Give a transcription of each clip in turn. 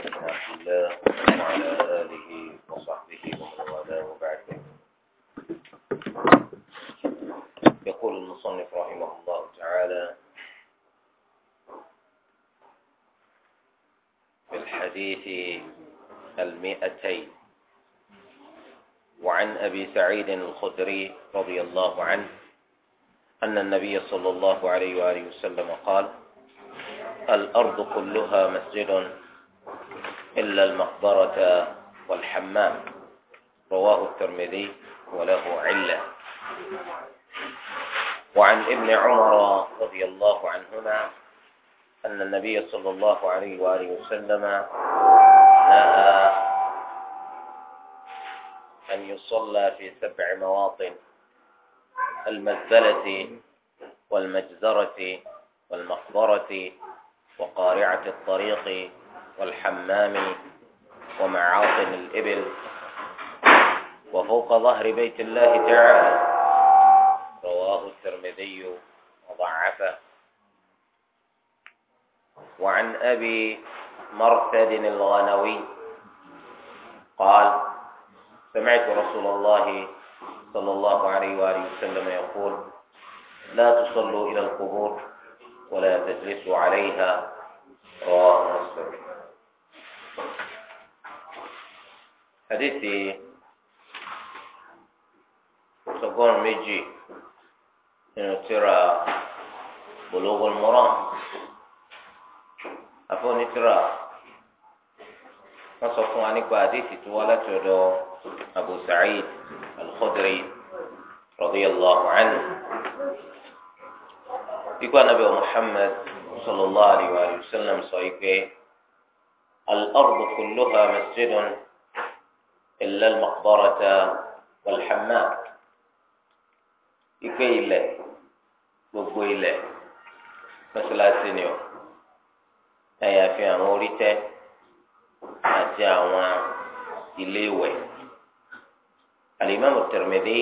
وعلى آله وصحبه ومن والاه يقول المصنف رحمه الله تعالى في الحديث وعن أبي سعيد الخدري رضي الله عنه أن النبي صلى الله عليه وآله وسلم قال الأرض كلها مسجد إلا المقبرة والحمام رواه الترمذي وله علة وعن ابن عمر رضي الله عنهما أن النبي صلى الله عليه وآله وسلم نهى أن يصلى في سبع مواطن المزلة والمجزرة والمقبرة وقارعة الطريق والحمام ومعاطن الإبل وفوق ظهر بيت الله تعالى رواه الترمذي وضعفه وعن أبي مرثد الغنوي قال سمعت رسول الله صلى الله عليه وآله وسلم يقول لا تصلوا إلى القبور ولا تجلسوا عليها رواه مسلم hadithi sọgọ́rùn méjì nínú tíra Bulughul Maram afọ́nitira wọ́n sọ fún wa nípa hadithi tó wá láti ọ̀dọ̀ Abu Sa'id Al-Khudri radiyallahu anhu ikú anabi Muhammad sallallahu alayhi wa sallam sọ yìí pé al-ardu kulluha masjidun. إلا المقبرة والحمام ìpè ilẹ̀ gbogbo ilẹ̀ mọ́sálásí ni o àyàfi àwọn orí tẹ́ àti àwọn ilé ìwẹ̀ alimami Tirmidhi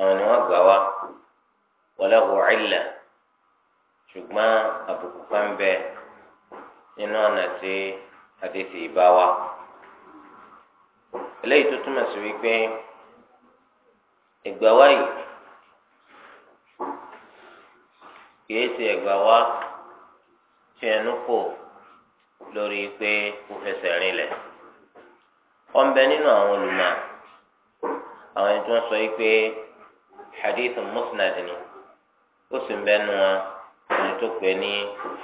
àwọn ni wọ́n gbà wá wọlé wọ̀ọ́ìlà ṣùgbọ́n àbùkù kan bẹ nínú ọ̀nà tí adé ti bá wa eléyìí tó túmọ̀ sí wípé ìgbà wá yìí kìí ṣe ìgbà wá tí ẹnu kò lórí pé kò fẹsẹ̀ rinlẹ̀ wọ́n bẹ nínú àwọn olùmọ̀ àwọn ẹni tó ń sọ wípé hadith musnad ni ó sì ń bẹ nu wọn ẹni tó pè ní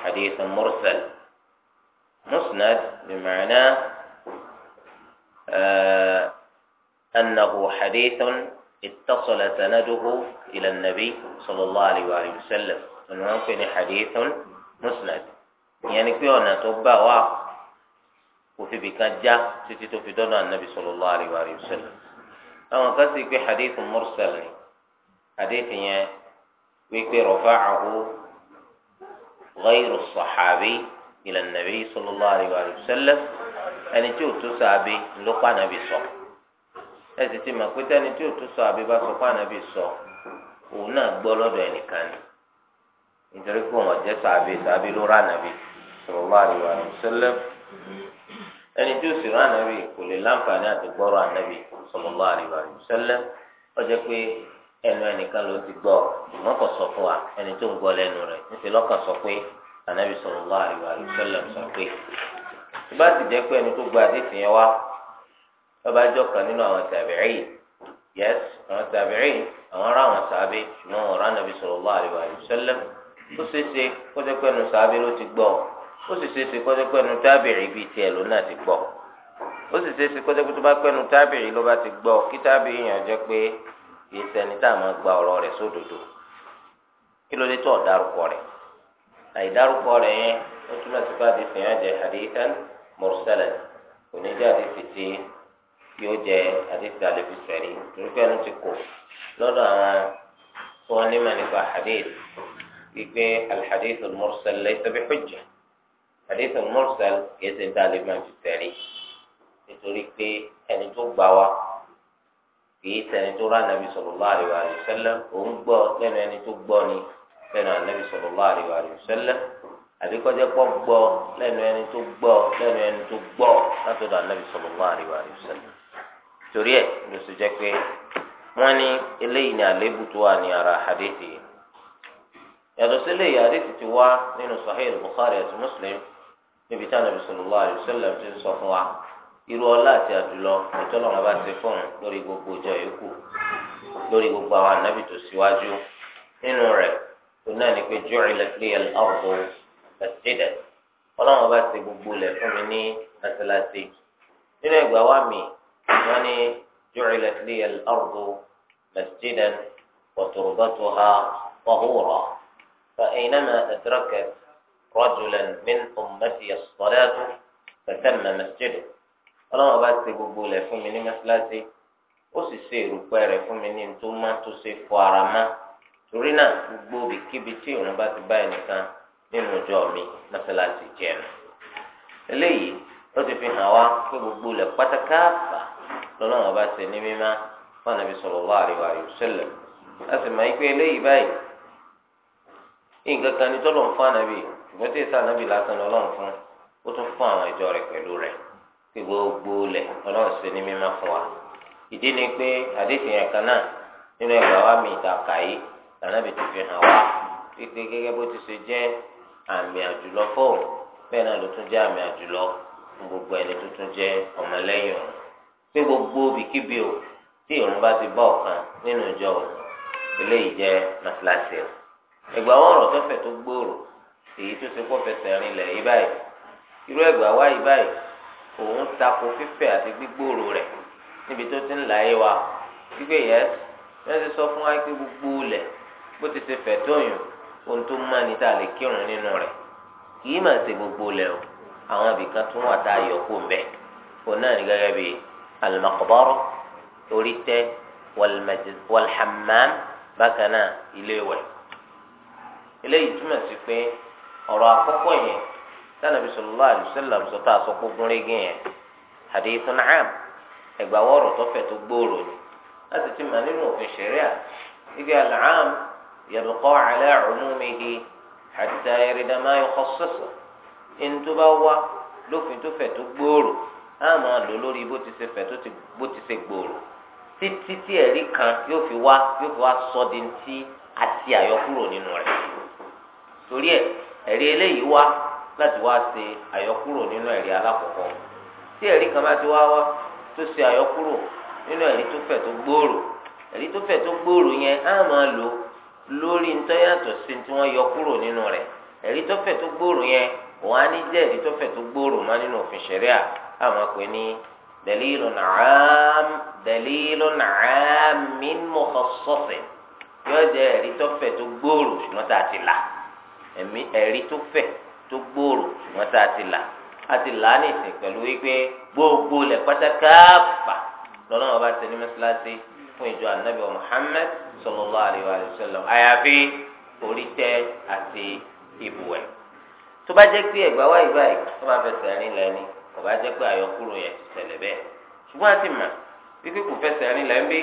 hadith mursal musnad bìmọ̀ọ́nà. آه، أنه حديث اتصل سنده إلى النبي صلى الله عليه وآله وسلم ونمكن حديث مسند يعني في أن تبا وفي بكجة تتتو في دون النبي صلى الله عليه وآله وسلم أما قصدي في حديث مرسل حديث يعني ويكي رفعه غير الصحابي إلى النبي صلى الله عليه وآله وسلم ẹni tí ò tó sọ abẹ ló pa sọ ti mọ̀ pé tẹ́ni tí ò tó sọ abẹ bá sọ pa sọ òun náà gbọ́ lọ́dọ̀ ẹnìkan ni nítorí pé wọn jẹ́ sàbí sàbí ló rà nàbí sallallahu alaihi wasallam ẹni tí sì rà nàbí kò lè láǹfààní àti ànàbí pé ẹnu ẹnìkan ló ti gbọ sọ fún wa ẹni tó ń sọ pé ànàbí sọ pé. ìbá ti jẹ́ pé ẹni tó gba àdéhùn yẹn wá ọba jọ kan nínú àwọn tàbí'í yẹs àwọn tàbí'í àwọn ará àwọn sàábé ṣùgbọ́n ọ̀rá nàbí sallallahu alaihi wasallam ó ṣeé ṣe kọ́jọ́ pé ẹnu sàábé ló ti gbọ́ ó sì ṣeé ṣe kọ́jọ́ pé ẹnu tàbí'í bíi tiẹ̀ ló náà ti gbọ́ ó sì ṣeé ṣe kọ́jọ́ pé tó bá pẹ́nu tàbí'í ló bá ti gbọ́ kí tàbí'í yàn jẹ́ pé kìí ṣẹni tá a máa gba ọ̀rọ̀ rẹ̀ sódodo kí ló dé tó ọ̀dárúkọ rẹ̀ àìdárúkọ rẹ̀ yẹn ó túmọ̀ sí pé àdéhùn yẹn àdéhùn mọ̀rọ̀sálẹ̀ òní jẹ́ àdéhùn tí yóò jẹ àdéhùn àlẹ́bí sẹ́rí torípé ẹnu ti kù lọ́dọ̀ àwọn tó wọ́n nímọ̀ nípa hadith wípé alhadith mọ̀rọ̀sálẹ̀ laysa bi hujja hadith mọ̀rọ̀sálẹ̀ kìí ṣe dá àlẹ́bí máa fi sẹ́rí nítorí pé ẹni tó gbà wá kìí ṣẹni tó rà nàbí sallallahu alaihi wa sallam òun gbọ́ lẹ́nu ẹni tó gbọ́ ni lẹ́nu ànàbí sallallahu alaihi wa sallam àbí kọjá pọ gbọ́ lẹ́nu ẹni tó gbọ́ lẹ́nu ẹni tó gbọ́ látọ̀dọ̀ anabi sallallahu alaihi wasallam torí ẹ ló sì jẹ pé wọn ní eléyìí ní àléébù tó wà ní ara hadithi yàtọ̀ sí eléyìí hadithi ti wá nínú sahih bukhari àti muslim níbi tí anabi sallallahu alaihi wasallam ti sọ fún wa irú ọlá àti àdúlọ ìtọ́nà wọn bá ti fún un lórí gbogbo ìjọ yòókù lórí gbogbo àwọn anabi tó síwájú nínú rẹ̀ òun náà ní pé ju'ilat liya al-ardu masjidan ọlọ́run ọba ti gbogbo lẹ̀ fún mi ní masalasi nínú ẹgbàá wa mi wọ́n ní ju'ilat liya al-ardu masjidan wa turbatuha tahura fa aynama adrakat rajulan min ummati as-salatu fa thamma masjiduhu ọlọ́run ọba ti gbogbo lẹ̀ fún mi ní masalasi ó sì ṣe èròpẹ́ rẹ̀ fún mi ní ntoma tó ṣe fọ ara má torí náà gbogbo ibikíbi tí òun bá ti bá ẹnìkan. nínú ìjọ mi mọ́sálásí jẹ́nu eléyìí ó ti fi hàn wá pé gbogbo ilẹ̀ pátákáàfà lọ́lọ́run ọba ṣe ní mímá fún ànábi sallallahu a wasallam láti mọ̀ pé eléyìí báyìí nǹkan kan ní tọ́lọ̀ ń fún ànábi ṣùgbọ́n tí lásán fún ó tún fún àwọn ìjọ rẹ̀ pẹ̀lú gbogbo ilẹ̀ ṣe ní mímá fún wa ìdí ni pé kan náà nínú ẹgbàá wa mi ìtàkà yìí ti fi hàn wá pé gẹ́gẹ́ àmì àjùlọ fóun bẹ́ẹ̀ náà ló tún jẹ́ gbogbo ẹni tó tún jẹ́ ọmọlẹ́yìn gbogbo bìkíbi o tí òun bá ti bá ọkan nínú ìjọ òun eléyìí jẹ́ mọ́sálásí o ẹgbà wọn ọ̀rọ̀ tọ́fẹ̀ tó gbòòrò èyí tó ti kó yí báyìí irú ẹgbà wá yí báyìí òun tako àti gbígbòòrò níbi tó ti ń gbogbo lẹ̀ bó ohun tó máa ní tá a lè kírun nínú rẹ̀ kì í máa ṣe gbogbo lẹ̀ o àwọn abìkan tún wà tá a yọ kó mbẹ́ òun náà ní gẹ́gẹ́ bíi alimakobọ́rọ́ orí tẹ́ walhamam bákan náà ilé wẹ̀ eléyìí túmọ̀ sí pé ọ̀rọ̀ àkọ́kọ́ yẹn sanabi sọlọ́lá àdùsẹ́lẹ̀ àbùsọ̀tà àsọ̀kú gúnrégé yẹn hadithun am ẹgbàwọ́ ọ̀rọ̀ tọ́fẹ̀ tó gbòòrò ni láti ti mà nínú òfin ṣẹ̀ríà ibi àlàámù. يبقى على عمومه حتى يرد ما يخصصه إن تبوا لوفي توفي تقبورو أما لولوري بوتي سفتو بوتي سكبورو títí tí ẹ̀rí kan yóò fi wá yóò fi wá sọ di ti àti àyọkúrò nínú rẹ̀ torí ẹ̀ ẹ̀rí eléyìí wá láti wá ṣe àyọkúrò nínú ẹ̀rí alákọ̀ọ́kọ́ tí ẹ̀rí kan bá ti wá wá tó ṣe àyọkúrò nínú ẹ̀rí tó fẹ̀ tó gbòòrò ẹ̀rí tó fẹ̀ tó gbòòrò yẹn á máa lò lórí ntọ́yàtọ̀ sí tí wọ́n yọ kúrò nínú rẹ̀ ẹ̀rí tó fẹ̀ tó gbòòrò yẹn òun á ní jẹ́ ẹ̀rí tó fẹ̀ tó gbòòrò má nínú òfin ṣẹ̀ríà àwọn pè ní dalilun aam dalilun aamin mukhassasin yóò jẹ́ ẹ̀rí tó fẹ̀ tó gbòòrò ṣùgbọ́n tá a ti là ẹ̀rí tó fẹ̀ tó gbòòrò ṣùgbọ́n tá a ti là a ti là á ní pẹ̀lú wípé gbogbo lẹ̀ pátákáàpà lọ́nà ọba ti mẹ́sàlásí fún ìjọ sallallahu alaihi wa sallam àyàfi orí tẹ àti ìbùwẹ̀ tó bá jẹ́ pé ẹ̀gbá wáyé báyìí tó bá fẹsẹ̀ rìn lẹ́ni kò bá jẹ́ pé àyọkúrò yẹn ti tẹ̀lẹ̀ bẹ́ẹ̀ ṣùgbọ́n àti mà wípé kò fẹsẹ̀ rìn lẹ́ ń bí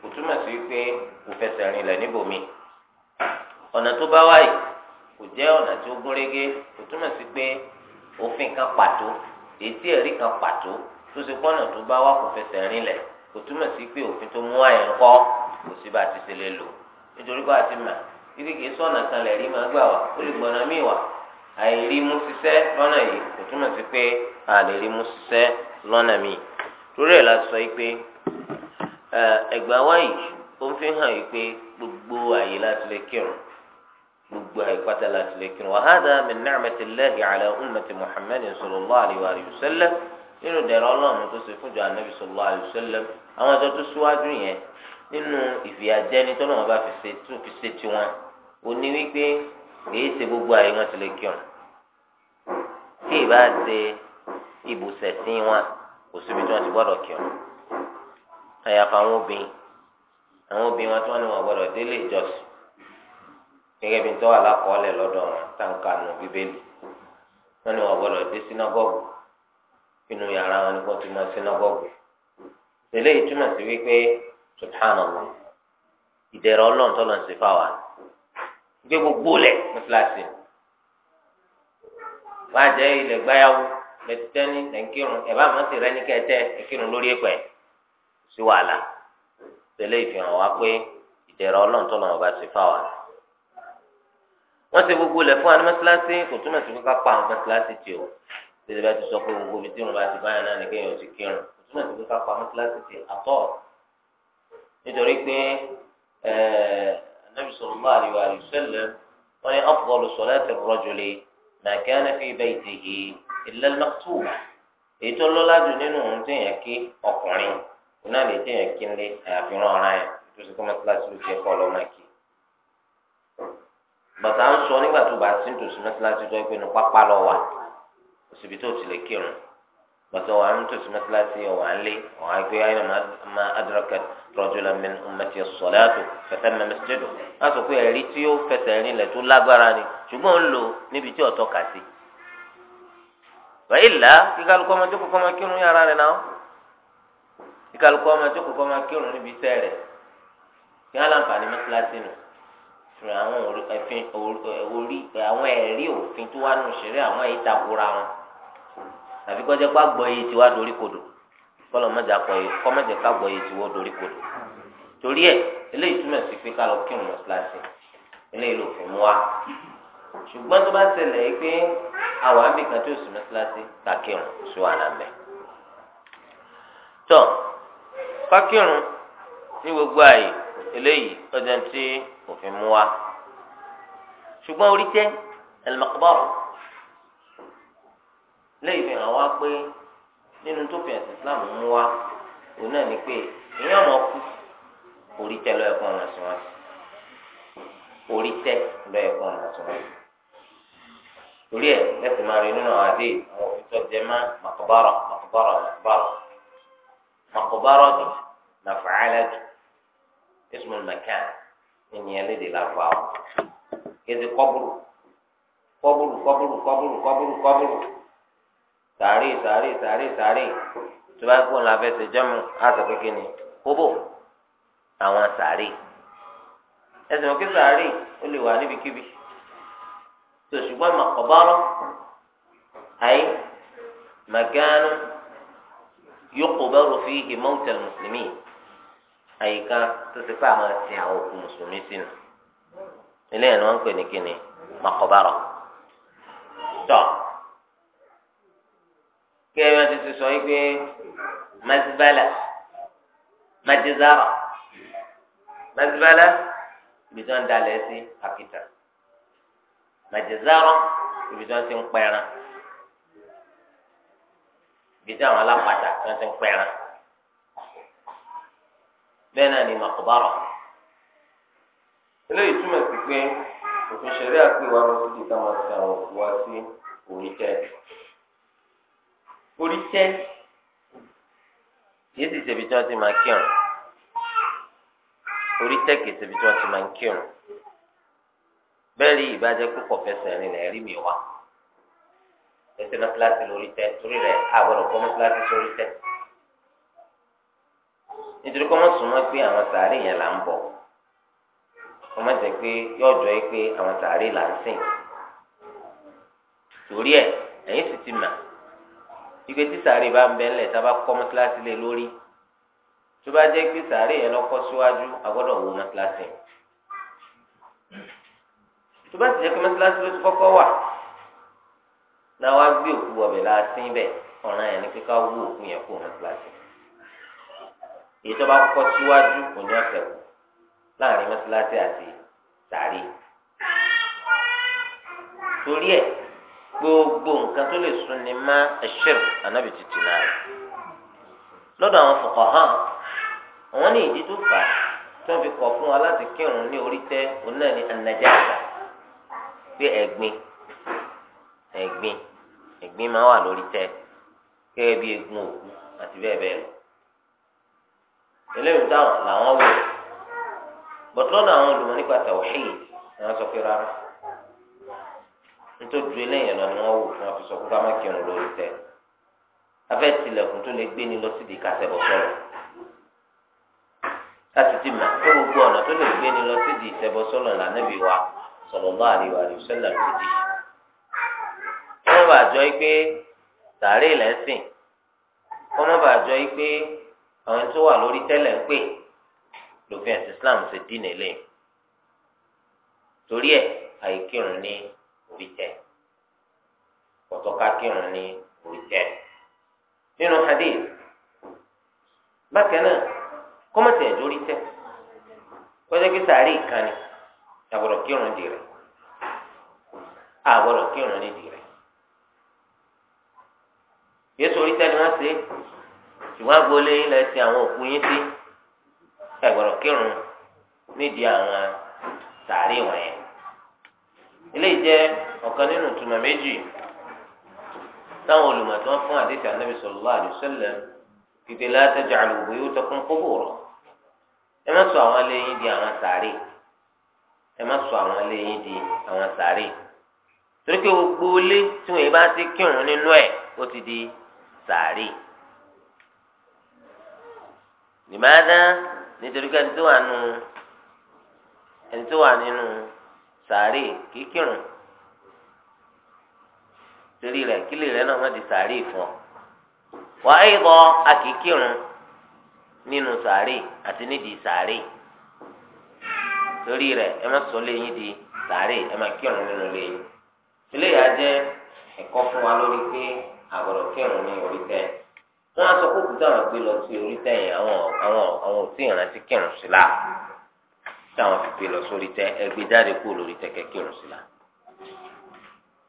kò túmọ̀ sí wípé kò fẹsẹ̀ rìn lẹ́ níbòmí ọ̀nà tó bá wáyé kò jẹ́ ọ̀nà tí ó gúnrégé kò túmọ̀ sí pé òfin kan pàtó ètí kò túmọ̀ sí pé òfin tó mú àyàn kọ́ kò sí bá a ti ṣe lè lò nítorí bá a ti mà ibi kìí sọ̀nà kan lẹ̀ rí máa gbà wá ó lè gbọ̀nà míì wá àìrí mú ṣiṣẹ́ lọ́nà yìí kò túmọ̀ sí pé a lè rí mú ṣiṣẹ́ lọ́nà míì lórí ẹ̀ la sọ yìí pé ẹgbàá wáyé ó ń fi hàn yìí pé gbogbo àyè láti lè kírun gbogbo àyè pátá láti lè kírun wa hadha min ni'matillahi ala ummati muhammadin sallallahu alayhi wa sallam nínú dẹ̀rọ ọlọ́run tó ṣe fún jọ anabi sallallahu alayhi wa àwọn ìjọ tó síwájú yẹn nínú ìfìyàjẹni tó lọ́wọ́ bá fi ṣe tó fi ṣe tiwọn ó ní wípé kìí ṣe gbogbo àyè wọn ti lè kírun tí ì bá ṣe ibùsẹ̀ sí wọn kò síbi tí wọn ti gbọ́dọ̀ kírun àyàfà àwọn obìnrin àwọn obìnrin wọn tí wọn ní wọn gbọ́dọ̀ délé ìjọsìn gẹ́gẹ́ bí tọ́wọ́ alákọọ́lẹ̀ lọ́dọ̀ wọn táǹkà nù bíbélì wọn ní wọn gbọ́dọ̀ dé sínágọ́gù inú yàrá wọn ni wọn ti mọ sínágọ́gù eléyìí túmọ̀ sí wípé subhanallah ìdẹ̀rọ̀ ọlọ́run tọ́lọ̀ ń ṣe fáwa gbé gbogbo lẹ̀ ní fúláṣí wọ́n á jẹ́ ilẹ̀ gbáyàwó lẹ́tẹ́ni lẹ́ńkírun ẹ̀bá àmọ́ sì rẹ́ ní kẹ́tẹ́ ẹ̀kírun lórí ẹ̀pẹ́ sí wàhálà tẹ́lẹ̀ ìfihàn wa pé ìdẹ̀rọ̀ ọlọ́run tọ́lọ̀ ọba ṣe fáwa wọ́n ṣe gbogbo lẹ̀ fún anamọ́síláṣí kò túmọ̀ sí pé pa àwọn mọ́síláṣí tì ó náà tó fi ká pamọ́ kíláàsì ti àtọ́ nítorí pé anabi sallallahu alaihi wa sallam wọn ni afdalu salati ar-rajuli ma kana fi baytihi illa al-maktuba èyí tó lọ́lá jù nínú ohun tí èèyàn kí ọkùnrin òun náà lè téèyàn kí nílé àyàfi ràn ara yẹn tó sì kọ́ kíláàsì ló ti ẹ̀kọ́ ọlọ́mọ kí bàtà ń sọ nígbà tó bá sí nítòsí mẹ́tíláṣí tó ẹgbẹ́ nu pápá lọ wà òsibí gbàtọ́ wà ń tòsí mẹ́tíláṣí ọ̀wà ń lé ọ̀hà gbé ayé máa adrakat rọ́jòlá min ummati as-salatu fatamma masjidu wọ́n sọ pé ẹ̀rí tí ó fẹsẹ̀ rìn lẹ̀ tó lágbára ni ṣùgbọ́n ń lò níbi tí ọ̀tọ́ kà sí. wàyílà kíkálukọ́ ọmọ jókòó kọ́mọ kírun yàrá rẹ̀ náà kíkálukọ́ ọmọ jókòó kọ́mọ kírun níbi iṣẹ́ rẹ̀ kí wọ́n láǹfààní mẹ́tíláṣí nù fún àwọn ẹ̀rí òfin tó wà nù ṣẹ̀rí àwọn ẹ̀yí àfi kọjá pa gbọ́ iye tiwa dorí kodò kọlọ mọjà pọ iye kọ mọjà ká gbọ́ iye tiwọ dorí kodò torí ẹ eléyìí túmọ̀ sí pé ká lọ kí òun mọ́síláṣí eléyìí ló fún wa ṣùgbọ́n tó bá ṣẹlẹ̀ yìí pé àwọn àbíkan tó sùn mọ́síláṣí kàkírun sí wà lábẹ́ tọ́ kàkírun ní gbogbo àyè eléyìí ọjà tí òfin mú wa ṣùgbọ́n orí tẹ́ ẹlẹ́mọ̀kọ́bọ̀rọ̀ lẹ́yìn fi hàn wá pé nínú tó fi ẹ̀sìn islam mú wá òun náà ni pé ìyá ọmọ kú orí tẹ lọ́yẹ̀ kan ọ̀nà sí wọn orí tẹ lọ́yẹ̀ kan ọ̀nà sí wọn torí ẹ lẹ́sìn máa rí nínú àwọn àdé àwọn òfin jẹ má makobara makobara makobara makobara jù nàfàálà jù ismul makan ènìyàn lédè làbà ó kéde kọbúrú kọbúrú kọbúrú kọbúrú kọbúrú kọbúrú sàárì sàárì sàárì sàárì tó bá kó la fẹsẹ̀ jẹ́mu àti kékeré ni kóbò àwọn sàárì ẹsẹ̀ wọn kí sàárì ó lè wà níbikíbi tó ṣùgbọ́n màkọ́bárọ́ ayé màgánú yuqbaru fihi mawtal muslimin àyíká tó ti pa àwọn ẹsẹ̀ àwọn òkú mùsùlùmí sínú ilé ẹ̀ ni ń pè ní kíni màkọ́bárọ́ tọ́ kẹ́ ẹ ti ti sọ yìí pé mazibala majizara mazibala ibi tí wọ́n ń dalẹ̀ sí akita majizara ibi tí wọ́n ti ń pẹ́ran ibi tí àwọn alápàtà tí wọ́n ti ń pẹ́ran bẹ́ẹ̀ náà ni makobara eléyìí túmọ̀ sí pé òfin ṣẹlẹ̀ àti ìwà lọ sí ti àwọn òkú wá sí orí tẹ́ẹ̀ orí tẹ́ yìí sì ṣèbí tí wọ́n ti máa kírun orí tẹ́ kìí ṣèbí tí wọ́n ti máa kírun bẹ́ẹ̀ rí ìbàjẹ́ púpọ̀ fẹsẹ̀ rìn rẹ̀ rí mi wá ẹsẹ̀ náà kíláàsì lórí tẹ́ torí rẹ̀ àbọ̀dọ̀ kọ́ mọ́ kíláàsì sórí tẹ́ nítorí kọ́ mọ́ súnmọ́ pé àwọn sàárè yẹn là ń bọ̀ kọ́ mọ́ jẹ́ pé yọ̀jọ́ yìí pé àwọn sàárè là ń sìn torí ẹ̀ ẹ̀yìn sì ti mà ìgbé tí sàárè bá ń bẹ ńlẹ̀ tá a bá kọ́ mọ́sálásí lé lórí tó bá jẹ́ pé sàárè yẹn lọ́kọ́ síwájú a gbọ́dọ̀ wó mọ́sálásí tó bá ti jẹ́ pé mọ́sálásí ló ti kọ́kọ́ wà náà wá gbé òkú ọ̀bẹ̀ láásín bẹ̀ ọ̀ràn yẹn ni pé ká wú òkú yẹn kó mọ́sálásí èyí tó bá kọ́kọ́ síwájú kò ní ọ̀sẹ̀ kù láàrin mọ́sálásí àti sàárè torí ẹ̀ gbogbo nǹkan tó lè sún ni má ẹ̀ṣẹ̀rù. anabi titi náà rẹ̀ lọ́dọ̀ àwọn fuqaha àwọn ní ìdí tó fà tí fi fún wa láti kírun ní orí tẹ́ òun náà ní an-najasa pé ẹ̀gbin ẹ̀gbin ẹ̀gbin máa wà lórí tẹ́ gẹ́gẹ́ bí egun òkú àti bẹ́ẹ̀ bẹ́ẹ̀ lọ eléyìí táwọn làwọn wò bọ̀tọ́ náà àwọn olùmọ̀ nípa tawhid sọ pé rárá nítorí eléyìí lọ ni wọ́n wò fún wọn fi sọ pé ká má kírun afẹ́ tilẹ̀kùn tó lè gbé ni lọ síbi kàtẹ́bọ̀ sọ̀rọ̀ láti ti mà pé gbogbo ọ̀nà tó lè gbé ni lọ síbi ìtẹ́bọ̀ sọ̀rọ̀ lànàbí wa sallallahu alaihi wa sallam ló di. wọ́n bá jọ pé sàárè lẹ́sìn wọ́n bá jọ pé àwọn tó wà lórí tẹ́lẹ̀ ń pè lófin ẹ̀sìn Islam ti dín nílé torí ẹ̀ àìkírun ní orí tẹ̀ pọ̀tọ́ká kírun ní orí tẹ̀. nínú hadith bákan náà kọ́mọ̀tì ẹ̀jọ́ rí tẹ́ kọ́jọ́ kí sàárì ìkànnì àgbọ̀dọ̀ kírun rẹ̀ kírun ní rẹ̀ orí tẹ́ ni wọ́n ṣe ṣùgbọ́n agboolé ilẹ̀ ti àwọn òkú yín sí àgbọ̀dọ̀ kírun àwọn sàárì wọ̀nyẹn jẹ́ ọ̀kan nínú méjì táwọn olùmọ̀ tí wọ́n fún àdéhùn anábì sallallahu alaihi wasallam títí la taj'alu buyutakum qubura ẹ má sọ àwọn ilé yín di àwọn sàárè ẹ má sọ àwọn ilé yín di àwọn sàárè torí pé gbogbo ilé tí wọn bá ti kírun nínú ẹ̀ ó ti di sàárè. nìbàdà nítorí pé ẹni tó wà nínú sàárè kìí torí rẹ̀ kílè rẹ̀ náà wọ́n di sàárì fún ọ. wàá ìbọn akíkírun nínú sàárì àti nídìí sàárì torí rẹ̀ ẹ má sọ léyìn di sàárì ẹ má kírun nínú léyìn. eléyà jẹ́ ẹ̀kọ́ fún wa lórí pé àgọ̀dọ̀ kírun ní orí tẹ́ wọ́n á sọ kó kùtà wọn gbé lọ sí orí tẹ́yìn àwọn àwọn àwọn òtí ìrántí kírun sí la táwọn fi gbé lọ sórí tẹ́ ẹgbẹ́ jáde kúrò lórí tẹ́ kẹ́ kírun sí la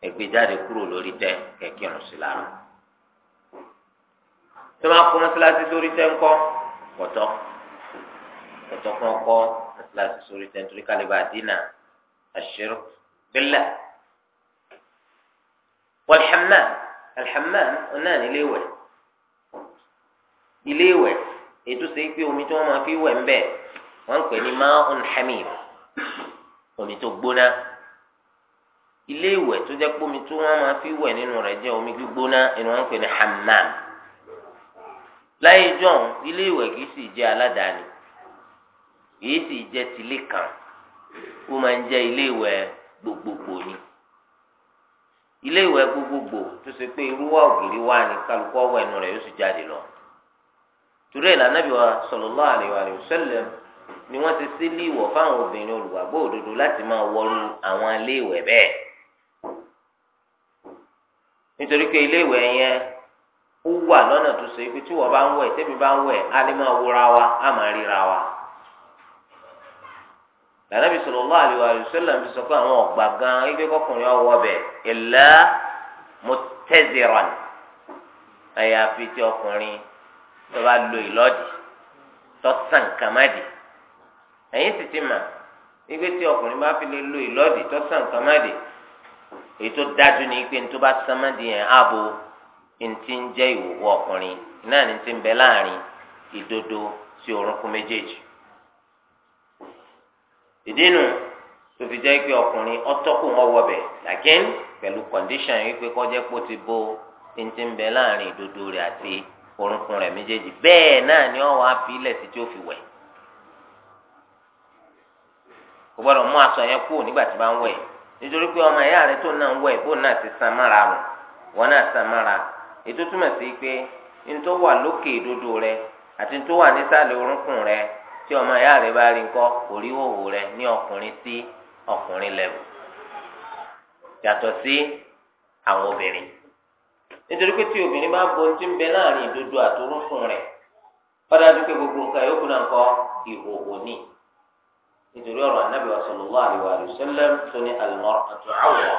ẹgbẹ́ jáde kúrò lórí tẹ kẹ̀kẹ́ ọ̀rùn sí lára tó máa kó mọ́sálásí sórí tẹ ńkọ́ pọ̀tọ́ pọ̀tọ́ kan kọ́ mọ́sálásí sórí tẹ nítorí kálíbà dínà àṣírò bílẹ̀ wàlhàmán alhàmán ọ̀nà nílé wẹ̀ ilé wẹ̀ ètò sèé pé omi tí wọ́n máa fi wẹ̀ ń bẹ̀ wọ́n pè ní máa ń hàmì omi tó gbóná. ilé ìwẹ̀ tó jẹ́ pómi tó wọ́n máa fi wẹ̀ nínú rẹ̀ jẹ́ omi gbígbóná inú wọn ń ni hammam láyé john ilé ìwẹ̀ kìí sì jẹ́ aládàáni kìí sì jẹ́ tilé kan ó máa ń jẹ́ ilé ìwẹ̀ gbogbogbò ni ilé ìwẹ̀ gbogbogbò tó ṣe pé irú wa ògiri wa ni kálukú ọwọ́ ẹnu rẹ̀ yóò sì jáde lọ torí ẹ̀ lànà bíwá ni wọ́n ti sí ilé fáwọn obìnrin nítorí pé ilé ìwẹ̀ yẹn ó wà lọ́nà tó so ibi tí wọ́n bá ń wẹ̀ tẹ́mi bá ń wẹ̀ á lè máa wúra wa á máa ríra wa. Ànábì sallallahu alaihi wasallam fi sọ pé àwọn ọ̀gbà gan ẹgbẹ́ kọkùnrin ọwọ́ bẹ̀ illa ti mà ẹgbẹ́ lo ìlọ́dì tó èyí tó dájú ni pé ní tó bá sánmọ́dì yẹn ààbò ntí ń jẹ́ ìwòwò ọkùnrin náà ní ti ń bẹ láàrin ìdodo sí orúnkún méjèèjì. ìdínú tó fi jẹ́ pé ọkùnrin ọtọ́kùn ọwọ́ bẹ̀ làgẹ́n pẹ̀lú kọ̀ǹdíṣàn yìí pé kọ́jẹ́ pò ti bo ntí ń bẹ láàrin ìdodo rẹ̀ àti orúnkún rẹ̀ méjèèjì bẹ́ẹ̀ náà ni ọwọ́ àfilẹ̀ sí tí ó fi wẹ̀. kò gbọ́dọ̀ mú aṣọ yẹn kú nígbà tí bá ń wẹ̀ nítorí pé ọmọ ẹ̀yà rẹ tó náà ń wọ ìbò náà ti san mára wọn wọn náà san mára ètò túmọ̀ sí pé ntọ́ wà lókè ìdodo rẹ àti ntọ́ wà nísàlẹ̀ orúnkún rẹ tí ọmọ ẹ̀yà rẹ bá rí nkọ́ oríwòwò rẹ ní ọkùnrin sí ọkùnrin lẹ́wù yàtọ̀ sí àwọn obìnrin nítorí pé tí obìnrin bá bo ti ń bẹ láàrin ìdodo àti orúnkún rẹ ó pé gbogbo nǹkan yóò kú náà kọ́ ìhòòhò ni nítorí ọ̀rọ̀ anábì wa sallallahu alaihi wa alihi wasallam tó ní al-mar'atu awra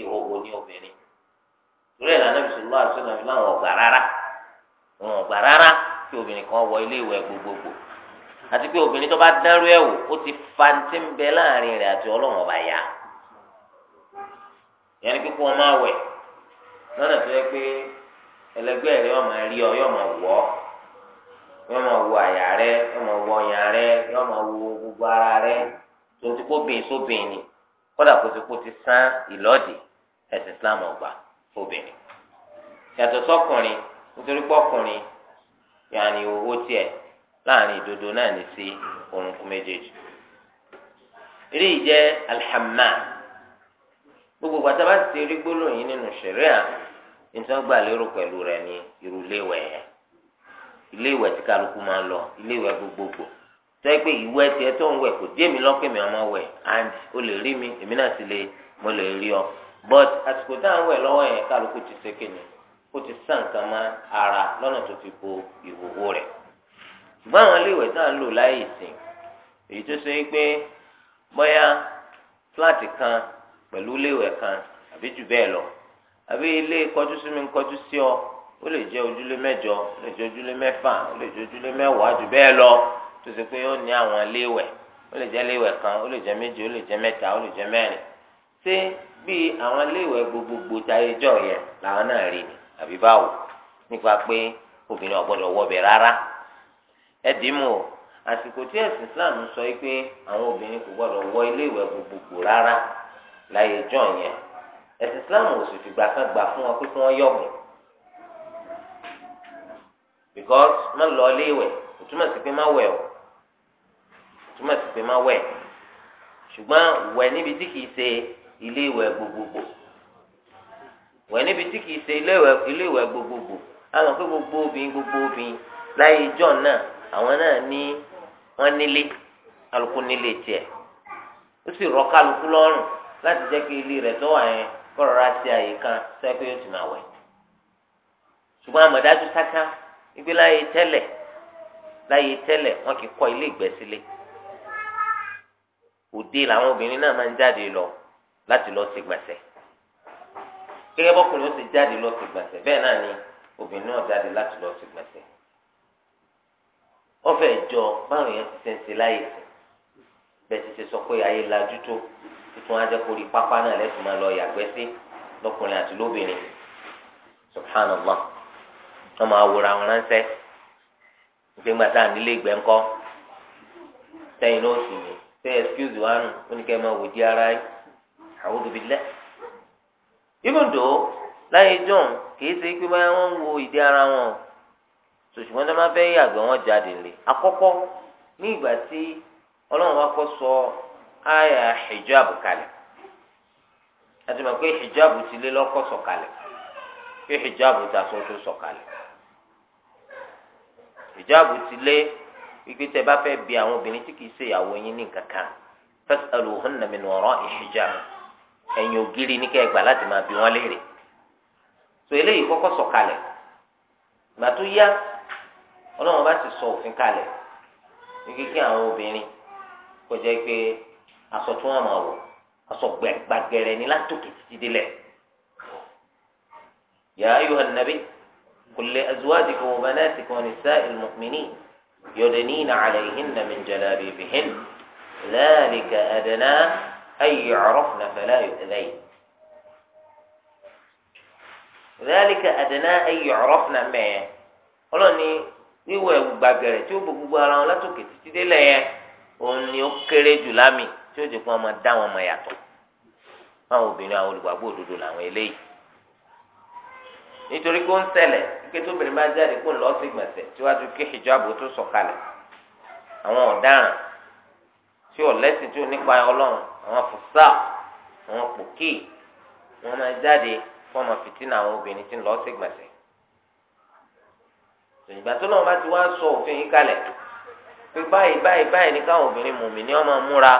ìhòòhò ní obìnrin torí ẹ̀ lànà sallallahu alaihi wasallam fi láwọn ọ̀gbà rárá wọn ọ̀gbà rárá kí obìnrin kan wọ ilé ìwẹ̀ gbogbogbò àti pé obìnrin tó bá dárú ẹ̀ wò ó ti fa ti ń bẹ láàrin rẹ̀ àti ọlọ́run ọba yá ìyẹn ni ọmọ àwẹ̀ lọ́nà tó yẹ pé ẹlẹgbẹ́ rẹ̀ yọ yọ máa wo àyà rẹ yọ máa wo ọyàn rẹ yọ wo gbogbo ara rẹ tonti bìn sóbìn ni kódà kó ti kó ti sán ìlọ́dì ẹ̀sìn Islam ọgbà obìnrin yàtọ̀ sọkùnrin nítorí yàní owó tiẹ̀ láàrin ìdodo náà ní gbogbo gbàtà bá ti nínú gbà lérò pẹ̀lú ní ilé ìwẹ̀ tí kálukú máa ń lọ ilé ìwẹ̀ gbogbogbò tẹ́ pé ìwẹ̀ tiẹ̀ tó ń wẹ̀ kò dé mi lọ́pẹ́ mi ọmọ wẹ̀ and o lè rí mi èmi náà sì lè mo lè rí ọ but àsìkò tá à ń wẹ̀ lọ́wọ́ yẹn kálukú ti ṣe kéne ó ti sàn kan mọ́ ara lọ́nà tó fi bo ìwòwò rẹ̀ ṣùgbọ́n àwọn ilé ìwẹ̀ tá à ń lò láyé ìsìn èyí tó ṣe pé bóyá fúláàtì kan pẹ̀lú ilé ìwẹ̀ kan àbí jù bẹ́ẹ̀ lọ àbí ilé kọjú sí mi kọjú sí ọ ó lè jẹ́ ojúlé mẹ́jọ ó lè jẹ́ ojúlé mẹ́fà ó lè jẹ́ ojúlé mẹ́wàá jù bẹ́ẹ̀ lọ tó ṣe pé ó ní àwọn léwẹ̀ ó lè jẹ́ léwẹ̀ kan ó lè jẹ́ méje ó lè jẹ́ mẹ́ta ó lè jẹ́ mẹ́rin ṣé bí àwọn léwẹ̀ gbogbogbò tayéjọ yẹn làwọn náà rí ni àbí báwo nípa pé obìnrin ọ̀gbọ́dọ̀ wọbẹ̀ rárá ẹ dìímù o àsìkò tí ẹ̀sìn Islam sọ pé àwọn obìnrin kò gbọ́dọ̀ wọ iléèwẹ̀ gbogbogbò rárá láyé jọ yẹn ẹ̀sìn Islam ò sì fìgbà kan gbà fún wọn pé kí wọ́n yọ̀bùn because má lọ ilé ìwẹ̀ kò túmọ̀ sí pé má wẹ̀ o kò túmọ̀ sí pé má wẹ̀ ṣùgbọ́n wẹ̀ níbi tí kìí ṣe ilé ìwẹ̀ gbogbogbò wẹ̀ níbi tí kìí ṣe ilé ìwẹ̀ gbogbogbò àwọn pé gbogbo obìnrin gbogbo obìnrin láyé ìjọ náà àwọn náà ní wọn nílé alùpùpù nílé tiẹ̀ ó sì rọ kálukú lọ́rùn láti jẹ́ kí ilé rẹ̀ tó wà yẹn kọ́rọ̀ ra ti àyè kan sẹ́kẹ́ yóò ti máa wẹ̀ ṣùgbọ́n àmọ̀dájú sáká ìgbéláyé tẹ́lẹ̀ láyé tẹ́lẹ̀ wọ́n kì í kọ́ ilé ìgbẹ́sílẹ̀ òde làwọn obìnrin náà máa ń jáde lọ láti lọ sí gbọ̀nsẹ̀ gẹ́gẹ́ bọ́kùnrin ó ti jáde lọ sí gbọ̀nsẹ̀ bẹ́ẹ̀ náà ni obìnrin náà jáde láti lọ sí gbọ̀nsẹ̀ ọ̀fẹ́ ìjọ báwọn èèyàn ti ṣe ń ṣe láyé bẹ́ẹ̀ ti ṣe sọ pé ayé lajú tó tuntun ajẹ́ kó rí pápá náà lẹ́sìn máa lọ yàgbẹ́ lọ́kùnrin àti lóbìnrin subhanallah wọn máa wòra wọn ránṣẹ́ ìgbéǹgbà tá à nílé ìgbẹ́ ńkọ́ sẹ́yìn náà sì ní ṣe excuse wa nù ó ní kẹ́ ẹ máa wò di ara yìí a'udhu billah. even though láyé john kì í ṣe pé báyà wọ́n ń wo ìdí ara wọn ṣùgbọ́n tó máa fẹ́ yàgbẹ́ wọn jáde lé àkọ́kọ́ ní ìgbà tí ọlọ́run wa kọ́ sọ àyà hijab kalẹ̀ àti mọ̀ pé hijab ti lé lọ́kọ́ sọ̀kalẹ̀ pé hijab ta sọ tó sọ̀kalẹ̀ ìjáàbù ti lé wípé tẹ bá fẹ́ bi àwọn obìnrin tí kìí ṣe ìyàwó yín ní nǹkan kan fas'aluhunna min wara'i hijab ẹ̀yìn ògiri ní kẹgbà láti máa bi wọ́n léèrè so eléyìí kọ́kọ́ sọ kalẹ̀ gbà tó yá ọlọ́run bá ti sọ òfin kalẹ̀ ní kíkí àwọn obìnrin kọjá pé aṣọ tí wọ́n máa wọ̀ aṣọ gbàgẹ̀rẹ̀ ni látòkè títí délẹ̀ ya ayyuhan nabi. كل لأزواجكم وبناتكم ونساء المؤمنين يدنين عليهن من جلابيبهن ذلك أدنى أن يعرفن فلا يؤذين ذلك أدنى أن يعرفن ما ọlọ́ni wíwọ ẹ̀wù gbàgẹ̀rẹ̀ tí ó bo gbogbo ara wọn látòkè títí délẹ̀ yẹn òun ni ó kéré jù lámì tí ó jẹ́ pé wọ́n máa dá wọn mọ̀ yàtọ̀ fáwọn obìnrin àwọn olùgbàgbọ́ òdodo làwọn eléyìí nítorí kó ń ṣẹlẹ̀ ike tó bẹ̀rẹ̀ máa jáde kó ń lọ sí gbọ̀nsẹ̀ tíwájú kí hijab tó sọ̀kalẹ̀ àwọn ọ̀daràn tí ò lẹ́sìn tí ò nípa ọlọ́run àwọn fùsà àwọn pòkì wọn máa jáde fọmọ fìtínà àwọn obìnrin tí ń lọ sí gbọ̀nsẹ̀ ìgbà tó náà bá ti wá sọ òfin yìí kalẹ̀ pé báyìí báyìí báyìí ní káwọn obìnrin mùmí ni wọ́n múra